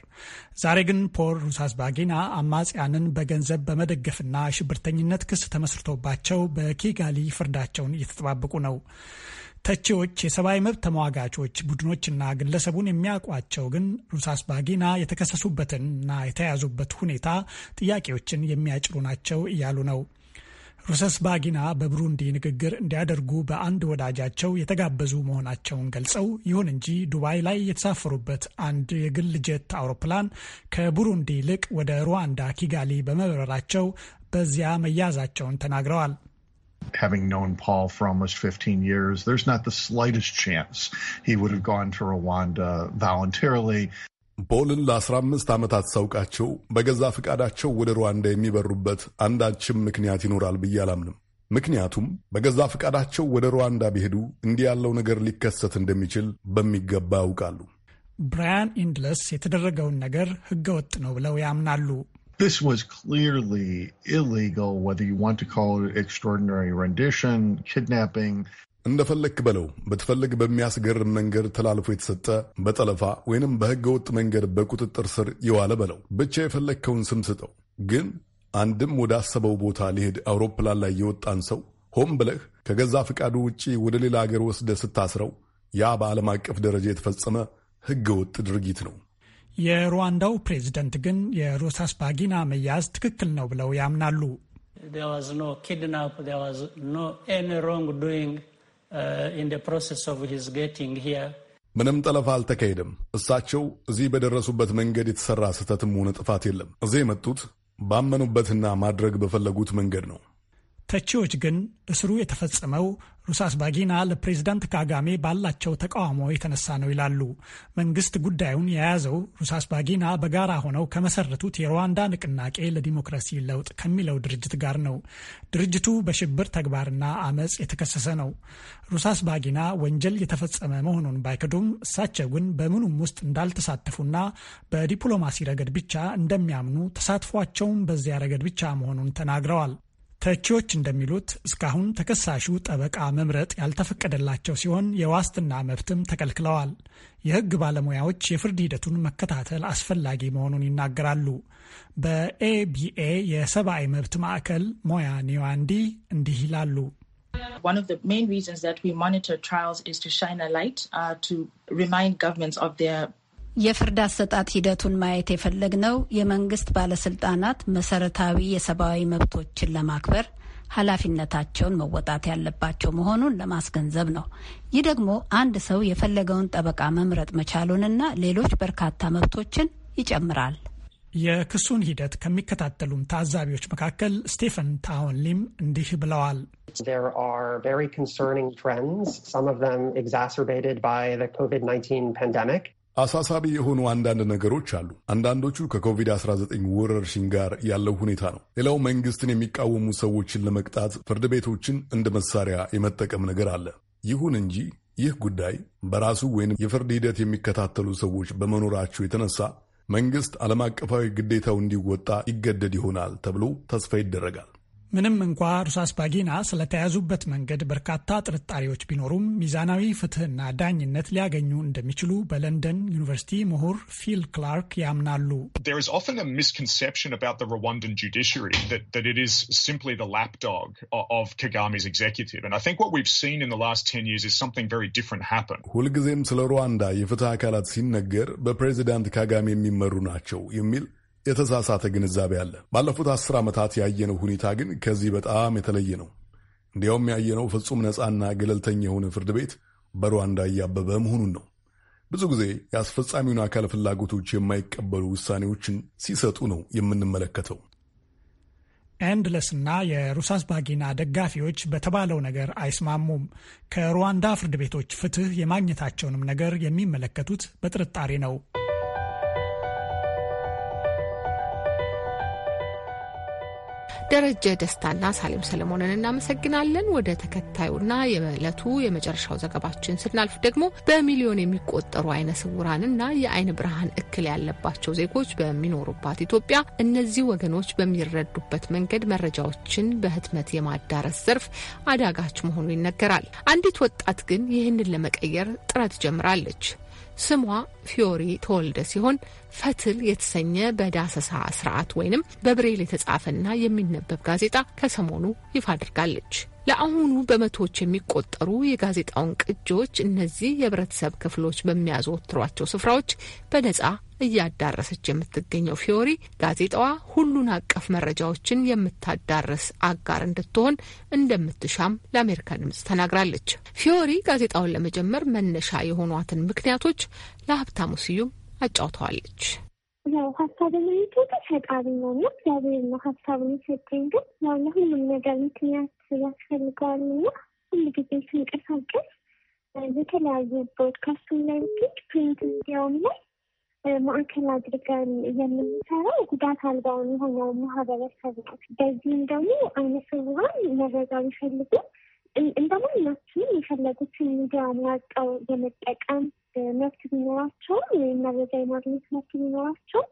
ዛሬ ግን ፖል ሩሳስ ባጊና አማጽያንን በገንዘብ በመደገፍና ሽብርተኝነት ክስ ተመስርቶባቸው በኪጋሊ ፍርዳቸውን እየተጠባበቁ ነው። ተቺዎች የሰብአዊ መብት ተሟጋቾች ቡድኖችና ግለሰቡን የሚያውቋቸው ግን ሩሳስባጊና የተከሰሱበትንና የተያዙበት ሁኔታ ጥያቄዎችን የሚያጭሩ ናቸው እያሉ ነው። ባጊና በብሩንዲ ንግግር እንዲያደርጉ በአንድ ወዳጃቸው የተጋበዙ መሆናቸውን ገልጸው፣ ይሁን እንጂ ዱባይ ላይ የተሳፈሩበት አንድ የግል ጀት አውሮፕላን ከቡሩንዲ ይልቅ ወደ ሩዋንዳ ኪጋሊ በመበረራቸው በዚያ መያዛቸውን ተናግረዋል። having known Paul for almost 15 years, there's not the slightest chance he would have gone to Rwanda voluntarily. ፖልን ለ15 ዓመታት ሳውቃቸው በገዛ ፈቃዳቸው ወደ ሩዋንዳ የሚበሩበት አንዳችም ምክንያት ይኖራል ብዬ አላምንም። ምክንያቱም በገዛ ፈቃዳቸው ወደ ሩዋንዳ ቢሄዱ እንዲህ ያለው ነገር ሊከሰት እንደሚችል በሚገባ ያውቃሉ። ብራያን ኢንድለስ የተደረገውን ነገር ሕገወጥ ነው ብለው ያምናሉ። this was clearly illegal, whether you want to call it extraordinary rendition, kidnapping. እንደፈለክ በለው ብትፈልግ በሚያስገርም መንገድ ተላልፎ የተሰጠ በጠለፋ ወይንም በሕገ ወጥ መንገድ በቁጥጥር ስር የዋለ በለው ብቻ የፈለግከውን ስም ስጠው። ግን አንድም ወደ አሰበው ቦታ ሊሄድ አውሮፕላን ላይ የወጣን ሰው ሆም ብለህ ከገዛ ፈቃዱ ውጪ ወደ ሌላ አገር ወስደ ስታስረው ያ በዓለም አቀፍ ደረጃ የተፈጸመ ሕገ ወጥ ድርጊት ነው። የሩዋንዳው ፕሬዝደንት ግን የሮሳስ ባጊና መያዝ ትክክል ነው ብለው ያምናሉ። uh, ምንም ጠለፋ አልተካሄደም። እሳቸው እዚህ በደረሱበት መንገድ የተሰራ ስህተትም ሆነ ጥፋት የለም። እዚህ የመጡት ባመኑበትና ማድረግ በፈለጉት መንገድ ነው። ተቺዎች ግን እስሩ የተፈጸመው ሩሳስ ባጊና ለፕሬዚዳንት ካጋሜ ባላቸው ተቃውሞ የተነሳ ነው ይላሉ። መንግስት ጉዳዩን የያዘው ሩሳስ ባጊና በጋራ ሆነው ከመሰረቱት የሩዋንዳ ንቅናቄ ለዲሞክራሲ ለውጥ ከሚለው ድርጅት ጋር ነው። ድርጅቱ በሽብር ተግባርና አመፅ የተከሰሰ ነው። ሩሳስ ባጊና ወንጀል የተፈጸመ መሆኑን ባይክዱም እሳቸው ግን በምኑም ውስጥ እንዳልተሳተፉና በዲፕሎማሲ ረገድ ብቻ እንደሚያምኑ ተሳትፏቸውም በዚያ ረገድ ብቻ መሆኑን ተናግረዋል። ተቺዎች እንደሚሉት እስካሁን ተከሳሹ ጠበቃ መምረጥ ያልተፈቀደላቸው ሲሆን የዋስትና መብትም ተከልክለዋል። የሕግ ባለሙያዎች የፍርድ ሂደቱን መከታተል አስፈላጊ መሆኑን ይናገራሉ። በኤቢኤ የሰብአዊ መብት ማዕከል ሞያ ኒዋንዲ እንዲህ ይላሉ። One of the main reasons that we monitor trials is to shine a light, uh, to remind governments of their የፍርድ አሰጣጥ ሂደቱን ማየት የፈለግነው የመንግስት ባለስልጣናት መሰረታዊ የሰብአዊ መብቶችን ለማክበር ኃላፊነታቸውን መወጣት ያለባቸው መሆኑን ለማስገንዘብ ነው። ይህ ደግሞ አንድ ሰው የፈለገውን ጠበቃ መምረጥ መቻሉንና ሌሎች በርካታ መብቶችን ይጨምራል። የክሱን ሂደት ከሚከታተሉም ታዛቢዎች መካከል ስቴፈን ታውንሊም እንዲህ ብለዋል። አሳሳቢ የሆኑ አንዳንድ ነገሮች አሉ። አንዳንዶቹ ከኮቪድ-19 ወረርሽኝ ጋር ያለው ሁኔታ ነው። ሌላው መንግስትን የሚቃወሙ ሰዎችን ለመቅጣት ፍርድ ቤቶችን እንደ መሳሪያ የመጠቀም ነገር አለ። ይሁን እንጂ ይህ ጉዳይ በራሱ ወይም የፍርድ ሂደት የሚከታተሉ ሰዎች በመኖራቸው የተነሳ መንግስት ዓለም አቀፋዊ ግዴታው እንዲወጣ ይገደድ ይሆናል ተብሎ ተስፋ ይደረጋል። ምንም እንኳ ሩሳስ ባጊና ስለተያዙበት መንገድ በርካታ ጥርጣሬዎች ቢኖሩም ሚዛናዊ ፍትህና ዳኝነት ሊያገኙ እንደሚችሉ በለንደን ዩኒቨርሲቲ ምሁር ፊል ክላርክ ያምናሉ። ሁልጊዜም ስለ ሩዋንዳ የፍትህ አካላት ሲነገር በፕሬዚዳንት ካጋሜ የሚመሩ ናቸው የሚል የተሳሳተ ግንዛቤ አለ። ባለፉት አስር ዓመታት ያየነው ሁኔታ ግን ከዚህ በጣም የተለየ ነው። እንዲያውም ያየነው ፍጹም ነፃና ገለልተኛ የሆነ ፍርድ ቤት በሩዋንዳ እያበበ መሆኑን ነው። ብዙ ጊዜ የአስፈጻሚውን አካል ፍላጎቶች የማይቀበሉ ውሳኔዎችን ሲሰጡ ነው የምንመለከተው። ኤንድለስና ባጊና ደጋፊዎች በተባለው ነገር አይስማሙም። ከሩዋንዳ ፍርድ ቤቶች ፍትህ የማግኘታቸውንም ነገር የሚመለከቱት በጥርጣሬ ነው። ደረጀ ደስታና ሳሌም ሰለሞንን እናመሰግናለን። ወደ ተከታዩና የዕለቱ የመጨረሻው ዘገባችን ስናልፍ ደግሞ በሚሊዮን የሚቆጠሩ አይነ ስውራንና የአይን ብርሃን እክል ያለባቸው ዜጎች በሚኖሩባት ኢትዮጵያ እነዚህ ወገኖች በሚረዱበት መንገድ መረጃዎችን በህትመት የማዳረስ ዘርፍ አዳጋች መሆኑ ይነገራል። አንዲት ወጣት ግን ይህንን ለመቀየር ጥረት ጀምራለች። ስሟ ፊዮሪ ተወልደ ሲሆን ፈትል የተሰኘ በዳሰሳ ስርዓት ወይንም በብሬል የተጻፈና የሚነበብ ጋዜጣ ከሰሞኑ ይፋ አድርጋለች። ለአሁኑ በመቶዎች የሚቆጠሩ የጋዜጣውን ቅጂዎች እነዚህ የህብረተሰብ ክፍሎች በሚያዘወትሯቸው ስፍራዎች በነጻ እያዳረሰች የምትገኘው ፊዮሪ ጋዜጣዋ ሁሉን አቀፍ መረጃዎችን የምታዳርስ አጋር እንድትሆን እንደምትሻም ለአሜሪካ ድምጽ ተናግራለች። ፊዮሪ ጋዜጣውን ለመጀመር መነሻ የሆኗትን ምክንያቶች ለሀብታሙ ስዩም አጫውተዋለች። ያው ሀሳብ መሄቱ ተፈጣሪ ነው ነው እግዚአብሔር ነው ሀሳብ የሰጠኝ ግን ያው ለሁሉም ነገር ምክንያት ማሰብ ያስፈልገዋል እና ሁሉ ጊዜ ስንቀሳቀስ የተለያዩ ብሮድካስቱን ላይ ግን ፕሪንት ሚዲያውም ላይ ማዕከል አድርገን የምንሰራው ጉዳት አልባውን የሆነው ማህበረሰብ ነው። በዚህም ደግሞ አይነ ስውራን መረጃ ቢፈልጉ እንደ ማናችንም የፈለጉትን ሚዲያ መርጠው የመጠቀም መብት ቢኖራቸውም ወይም መረጃ የማግኘት መብት ቢኖራቸውም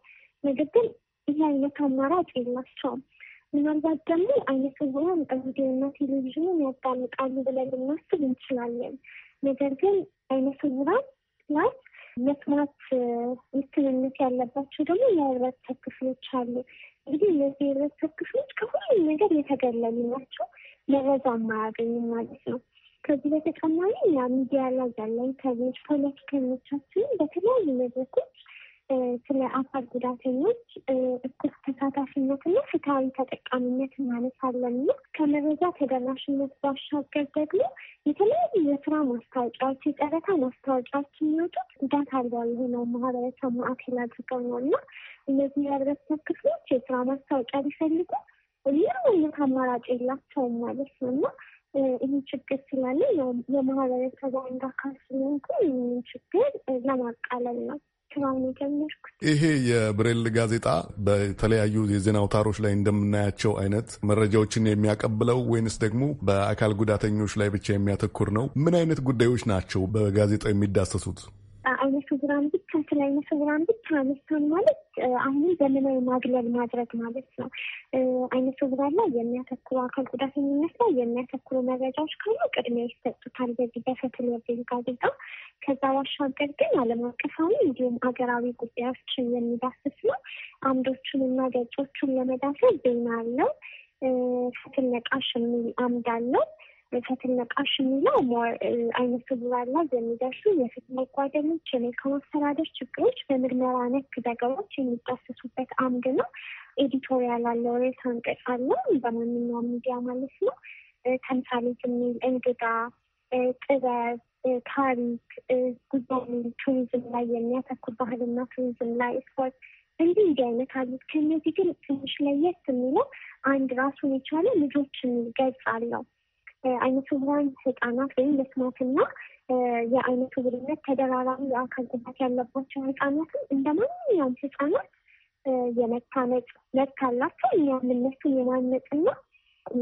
ነገር ግን ይህ አይነት አማራጭ የላቸውም። ምናልባት ደግሞ አይነት ህሙማን ሬዲዮና ቴሌቪዥንን ያዳምጣሉ ብለን ልናስብ እንችላለን። ነገር ግን አይነት ህሙማን ላይ መስማት ውስንነት ያለባቸው ደግሞ የህብረተሰብ ክፍሎች አሉ። እንግዲህ እነዚህ የህብረተሰብ ክፍሎች ከሁሉም ነገር የተገለሉ ናቸው። መረጃ አያገኙም ማለት ነው። ከዚህ በተጨማሪ ሚዲያ ላይ ያለን ከሌሎች ፖለቲከኞቻችንን በተለያዩ መድረኮች ስለ አካል ጉዳተኞች እኩል ተሳታፊነትና ፍትሐዊ ተጠቃሚነት እናነሳለን ነው። ከመረጃ ተደራሽነት ባሻገር ደግሞ የተለያዩ የስራ ማስታወቂያዎች፣ የጨረታ ማስታወቂያዎች የሚወጡት ጉዳት አልባ የሆነው ማህበረሰብ ማዕከል አድርገው ነው እና እነዚህ የህብረተሰብ ክፍሎች የስራ ማስታወቂያ ሊፈልጉ ሌላ አይነት አማራጭ የላቸውም ማለት ነው እና ይህ ችግር ስላለ የማህበረሰቡ አንድ አካል ስለሆንኩ ይህንን ችግር ለማቃለል ነው። ይሄ የብሬል ጋዜጣ በተለያዩ የዜና አውታሮች ላይ እንደምናያቸው አይነት መረጃዎችን የሚያቀብለው ወይንስ ደግሞ በአካል ጉዳተኞች ላይ ብቻ የሚያተኩር ነው? ምን አይነት ጉዳዮች ናቸው በጋዜጣው የሚዳሰሱት? አይነ ስውራን ላይ ስውራን ብቻ አነሳን ማለት አሁንም ዘመናዊ ማግለል ማድረግ ማለት ነው። አይነ ስውራን ላይ የሚያተኩሩ አካል ጉዳተኝነት ላይ የሚያተኩሩ መረጃዎች ካሉ ቅድሚያ ይሰጡታል በዚህ በፈትል የብዙ ጋዜጣ። ከዛ ባሻገር ግን ዓለም አቀፋዊ እንዲሁም ሀገራዊ ጉዳዮችን የሚዳስስ ነው። አምዶቹን እና ገጾቹን ለመዳሰስ ዜና አለው። ፍትል ነቃሽ የሚል አምድ አለው። ፍትህ ነቃሽ የሚለው አይነ ስውራን ላይ የሚደርሱ የፊት መጓደሎች፣ የመልካም አስተዳደር ችግሮች በምርመራ ነክ ዘገባዎች የሚጠሰሱበት አምድ ነው። ኤዲቶሪያል አለው፣ ርዕሰ አንቀጽ አለው፣ በማንኛውም ሚዲያ ማለት ነው። ተምሳሌት የሚል እንግዳ፣ ጥበብ፣ ታሪክ፣ ጉዞ ቱሪዝም ላይ የሚያተኩር ባህልና ቱሪዝም ላይ ስፖርት እንዲህ እንዲህ አይነት አሉት። ከእነዚህ ግን ትንሽ ለየት የሚለው አንድ ራሱን የቻለ ልጆች የሚል ገጽ አለው። አይነቱ ብርሃን ህጻናት ወይም ለስማትና የአይነቱ ብልነት ተደራራቢ የአካል ጉዳት ያለባቸው ህጻናትም እንደ ማንኛውም ህጻናት የመታነጽ መብት አላቸው። እኛም እነሱን የማነጽና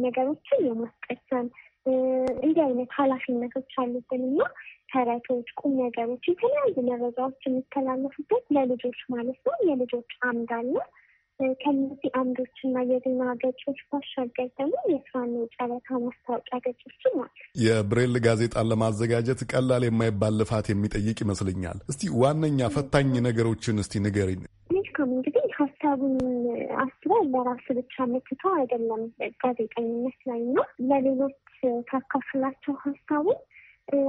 ነገሮችን የማስቀሰም እንዲህ አይነት ኃላፊነቶች አሉብን እና ተረቶች፣ ቁም ነገሮች፣ የተለያዩ መረጃዎች የሚተላለፉበት ለልጆች ማለት ነው የልጆች አምድ አለ። ከነዚህ አምዶች እና የዜና ገጾች ባሻገር ደግሞ የስራና የጨረታ ማስታወቂያ ገጾችም ማለት የብሬል ጋዜጣን ለማዘጋጀት ቀላል የማይባል ልፋት የሚጠይቅ ይመስለኛል። እስቲ ዋነኛ ፈታኝ ነገሮችን እስቲ ንገሪኝ። መልካም እንግዲህ ሀሳቡን አስበህ ለራስ ብቻ መትቶ አይደለም ጋዜጠኝነት ላይ ነው ለሌሎች ካካፍላቸው ሀሳቡን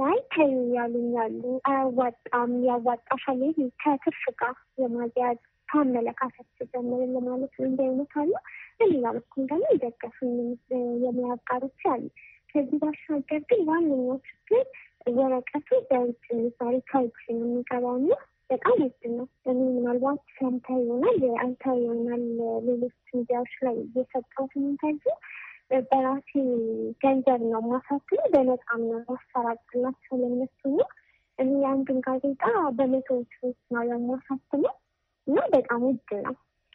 ላይ ተይው ያሉኛሉ አያዋጣም ያዋጣሻል ከትርፍ ጋር የማያያዝ ከአመለካከት ስጀምርን ለማለት ነው አይነት አሉ። በሌላ በኩል ደግሞ ይደገፉ የሙያ አጋሮች አሉ። ከዚህ ባሻገር ግን ዋነኛው ችግር ወረቀቱ በውጭ ምሳሌ ከውጭ ነው የሚገባው እና በጣም ውድ ነው። እኔ ምናልባት ሰምታ ይሆናል አይታ ይሆናል ሌሎች ሚዲያዎች ላይ እየሰጠሁትን ኢንተርቪው በራሴ ገንዘብ ነው ማሳትም በነፃም ነው ማሰራጭላቸው ለነሱ ነው። እኔ የአንድን ጋዜጣ በመቶዎች ውስጥ ነው የማሳትመው እና በጣም ውድ ነው።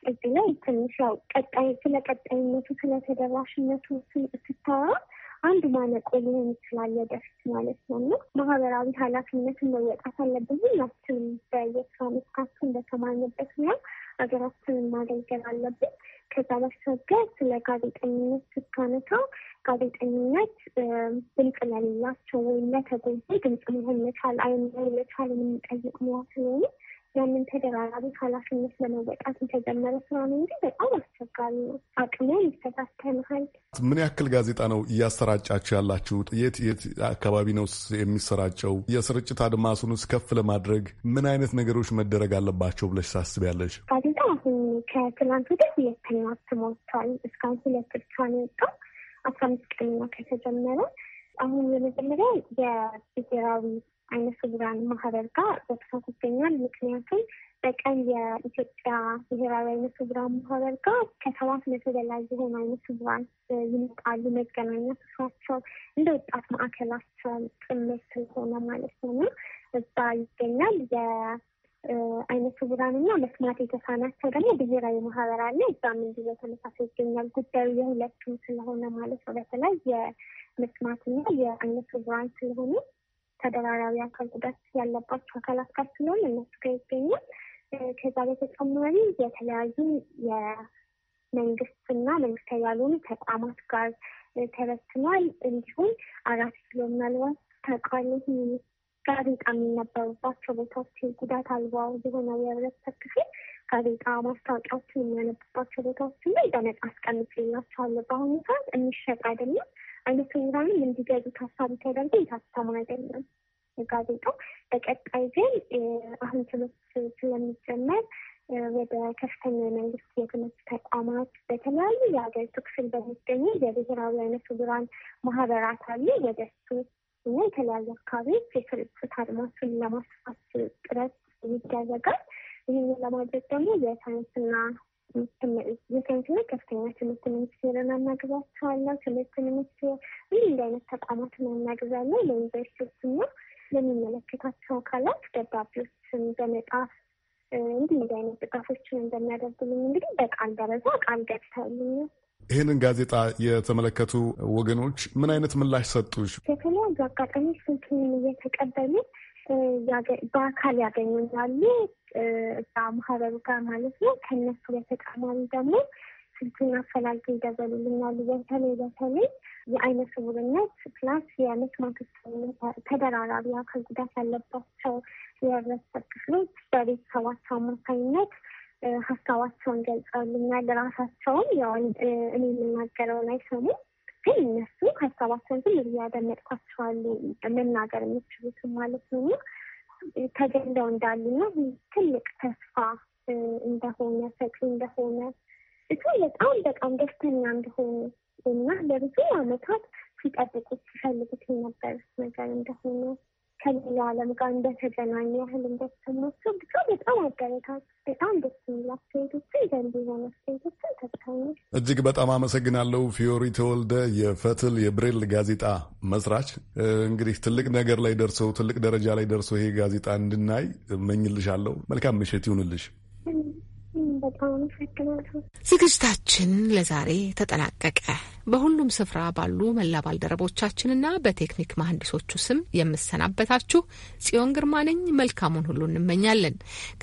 እዚህ ላይ ትንሽ ያው ቀጣይ ስለ ቀጣይነቱ ስለ ተደራሽነቱ ስታወራ አንድ ማነቆ ሊሆን ይችላል ወደፊት ማለት ነው። እና ማህበራዊ ኃላፊነትን መወጣት አለብን ሁላችንም በየስራ መስካችን በተማኘበት ነው ሀገራችንን ማገልገል አለብን። ከዛ ባሻገር ስለ ጋዜጠኝነት ስታነሳ ጋዜጠኝነት ድምፅ ለሌላቸው ወይም ለተጎጂ ድምፅ መሆን መቻል አይኖር መቻል የምንጠይቅ ሙያ ስለሆነ ያንን ተደራራቢ ኃላፊነት ለመወጣት የተጀመረ ስራ ነው እንጂ በጣም አስቸጋሪ ነው። አቅሙ ይፈታተንሃል። ምን ያክል ጋዜጣ ነው እያሰራጫችሁ ያላችሁት? የት የት አካባቢ ነው የሚሰራጨው? የስርጭት አድማሱንስ ከፍ ለማድረግ ምን አይነት ነገሮች መደረግ አለባቸው ብለሽ ታስቢያለሽ? ጋዜጣ አሁን ከትናንት ወደ ሁለተኛ እትሟቸዋል። እስካሁን ሁለት ብቻ ነው የወጣው። አስራ አምስት ቀንና ከተጀመረ አሁን የመጀመሪያ የብሔራዊ አይነ ስውራን ማህበር ጋር በብዛት ይገኛል። ምክንያቱም በቀን የኢትዮጵያ ብሔራዊ አይነ ስውራን ማህበር ጋር ከሰባት መቶ በላይ የሆኑ አይነ ስውራን ይመጣሉ። መገናኛ ስፍራቸው እንደ ወጣት ማዕከላቸው ጥምር ስለሆነ ማለት ነው። እዛ ይገኛል የአይነ ስውራን እና መስማት የተሳናቸው ደግሞ ብሔራዊ ማህበር አለ። እዛም እንዲሁ በተመሳሳይ ይገኛል። ጉዳዩ የሁለቱም ስለሆነ ማለት ነው። በተለይ የመስማትና የአይነ ስውራን ስለሆነ ተደራራቢ አካል ጉዳት ያለባቸው አካላት ጋር ስለሆን እነሱ ጋር ይገኛል። ከዛ በተጨማሪ የተለያዩ የመንግስትና መንግስታዊ ያልሆኑ ተቋማት ጋር ተበትኗል። እንዲሁም አራት ኪሎ ምናልባት ተቃዋሚ ጋዜጣ የሚነበሩባቸው ቦታዎች ጉዳት አልባ የሆነ የህብረተሰብ ክፍል ጋዜጣ ማስታወቂያዎችን የሚያነቡባቸው ቦታዎች ላይ በነጻ አስቀምጬላቸዋለሁ። በአሁኑ ሰዓት የሚሸጥ አይደለም። አይነት ምሁራንም እንዲገዙ ታሳቢ ተደርጎ የታተመ አይደለም ጋዜጣው። በቀጣይ ግን አሁን ትምህርት ስለሚጀመር ወደ ከፍተኛ የመንግስት የትምህርት ተቋማት በተለያዩ የሀገሪቱ ክፍል በሚገኙ የብሔራዊ አይነት ብራን ማህበራት አሉ። የደሱ እና የተለያዩ አካባቢዎች የስርጭት አድማሱን ለማስፋት ጥረት ይደረጋል። ይህንን ለማድረግ ደግሞ የሳይንስና የሳይንስ ላይ ከፍተኛ ትምህርት ሚኒስቴርን አናግዛቸዋለሁ። ትምህርት ሚኒስቴር ምን እንደ አይነት ተቋማትን እናግዛለሁ። ለዩኒቨርሲቲዎችና ለሚመለከታቸው አካላት ደብዳቤዎችን በመጣፍ እንዲህ እንዲህ አይነት ድጋፎችን እንደሚያደርጉልኝ እንግዲህ በቃል ደረጃ ቃል ገብተውልኛል። ይህንን ጋዜጣ የተመለከቱ ወገኖች ምን አይነት ምላሽ ሰጡች? የተለያዩ አጋጣሚ ስልክንም እየተቀበሉ በአካል ያገኙኛሉ እዛ ማህበሩ ጋር ማለት ነው። ከነሱ በተጨማሪ ደግሞ ስልቱን አፈላልገው ይደበሉልናሉ። በተለይ በተለይ የአይነ ስውርነት ፕላስ የመስማት ተደራራቢ አካል ጉዳት ያለባቸው የህብረተሰብ ክፍሎች በቤተሰባቸው አማካኝነት ሀሳባቸውን ገልጸውልኛል። ራሳቸውም ያው እኔ የምናገረውን አይሰሙም፣ ግን እነሱ ሀሳባቸውን ዝም ብዬ መናገር የሚችሉትም ማለት ነው። ተገንደው እንዳሉና ትልቅ ተስፋ እንደሆነ ፈቂ እንደሆነ እሱ በጣም በጣም ደስተኛ እንደሆኑ እና ለብዙ አመታት ሲጠብቁት ሲፈልጉት የነበር ነገር እንደሆነ ከሌላ ዓለም ጋር እንደተገናኙ ያህል እንደተሰማቸው ብቻ በጣም አበረታች። በጣም ደስ የሚል አስተያየቶችን ገንቢ የሆነ አስተያየቶችን ተብታኝ። እጅግ በጣም አመሰግናለሁ ፊዮሪ ተወልደ፣ የፈትል የብሬል ጋዜጣ መስራች። እንግዲህ ትልቅ ነገር ላይ ደርሰው ትልቅ ደረጃ ላይ ደርሰው ይሄ ጋዜጣ እንድናይ እመኝልሻለሁ። መልካም ምሽት ይሁንልሽ። በጣም አመሰግናለሁ። ዝግጅታችን ለዛሬ ተጠናቀቀ። በሁሉም ስፍራ ባሉ መላ ባልደረቦቻችንና በቴክኒክ መሐንዲሶቹ ስም የምሰናበታችሁ ጽዮን ግርማ ነኝ። መልካሙን ሁሉ እንመኛለን።